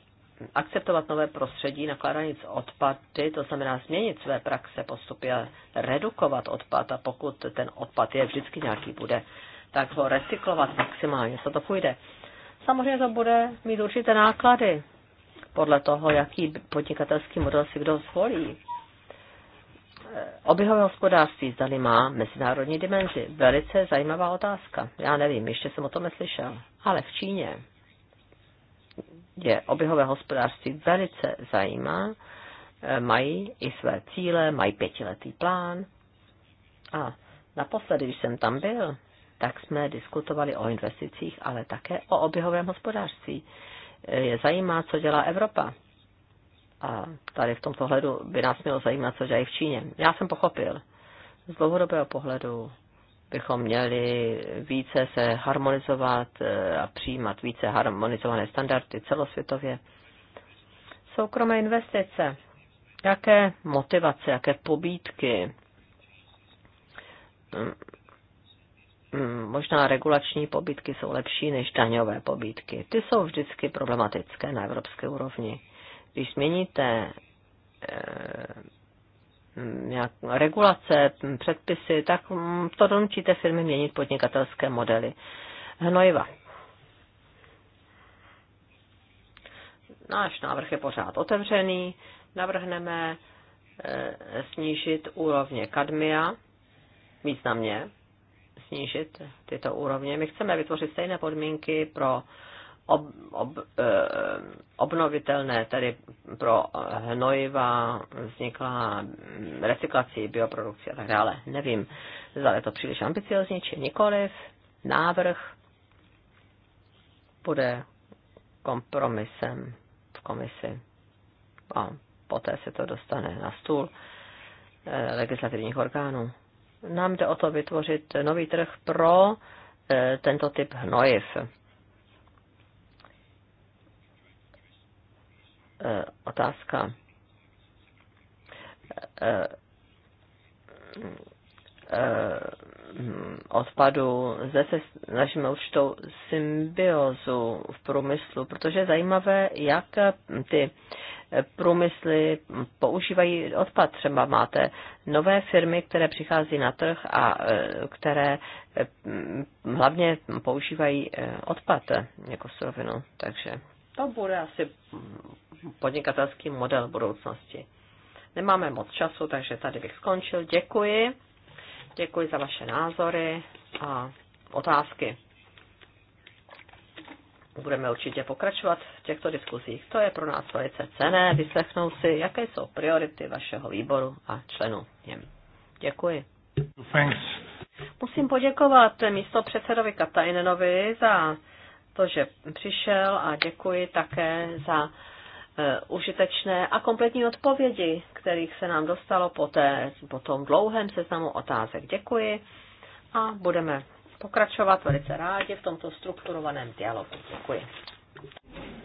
C: akceptovat nové prostředí nakládání s odpady, to znamená změnit své praxe, postupy a redukovat odpad a pokud ten odpad je vždycky nějaký bude, tak ho recyklovat maximálně, co to půjde. Samozřejmě to bude mít určité náklady podle toho, jaký podnikatelský model si kdo zvolí obyhové hospodářství zdali má mezinárodní dimenzi. Velice zajímavá otázka. Já nevím, ještě jsem o tom neslyšel. Ale v Číně je obyhové hospodářství velice zajímá. E, mají i své cíle, mají pětiletý plán. A naposledy, když jsem tam byl, tak jsme diskutovali o investicích, ale také o oběhovém hospodářství. E, je zajímá, co dělá Evropa. A tady v tomto hledu by nás mělo zajímat, co dělají v Číně. Já jsem pochopil. Z dlouhodobého pohledu bychom měli více se harmonizovat eh, a přijímat více harmonizované standardy celosvětově. Soukromé investice. Jaké motivace, jaké pobídky mm, mm, možná regulační pobídky jsou lepší než daňové pobídky. Ty jsou vždycky problematické na evropské úrovni když změníte eh, nějak, regulace, předpisy, tak mm, to donutíte firmy měnit podnikatelské modely. Hnojiva. Náš návrh je pořád otevřený. Navrhneme eh, snížit úrovně kadmia, významně snížit tyto úrovně. My chceme vytvořit stejné podmínky pro ob, ob, eh, obnovitelné, tedy pro hnojiva vznikla recyklací, bioprodukci a tak dále. Nevím, zda je to příliš ambiciozní, či nikoliv. Návrh bude kompromisem v komisi a poté se to dostane na stůl eh, legislativních orgánů. Nám jde o to vytvořit nový trh pro eh, tento typ hnojiv Eh, otázka eh, eh, odpadu. ze se snažíme určitou symbiozu v průmyslu, protože je zajímavé, jak ty průmysly používají odpad. Třeba máte nové firmy, které přichází na trh a které hlavně používají odpad jako surovinu. Takže to bude asi podnikatelský model budoucnosti. Nemáme moc času, takže tady bych skončil. Děkuji. Děkuji za vaše názory a otázky. Budeme určitě pokračovat v těchto diskuzích. To je pro nás velice cené vyslechnout si, jaké jsou priority vašeho výboru a členů něm. Děkuji. Thanks. Musím poděkovat místo předsedovi Katajnenovi za to, že přišel a děkuji také za e, užitečné a kompletní odpovědi, kterých se nám dostalo po, té, po tom dlouhém seznamu otázek. Děkuji a budeme pokračovat velice rádi v tomto strukturovaném dialogu. Děkuji.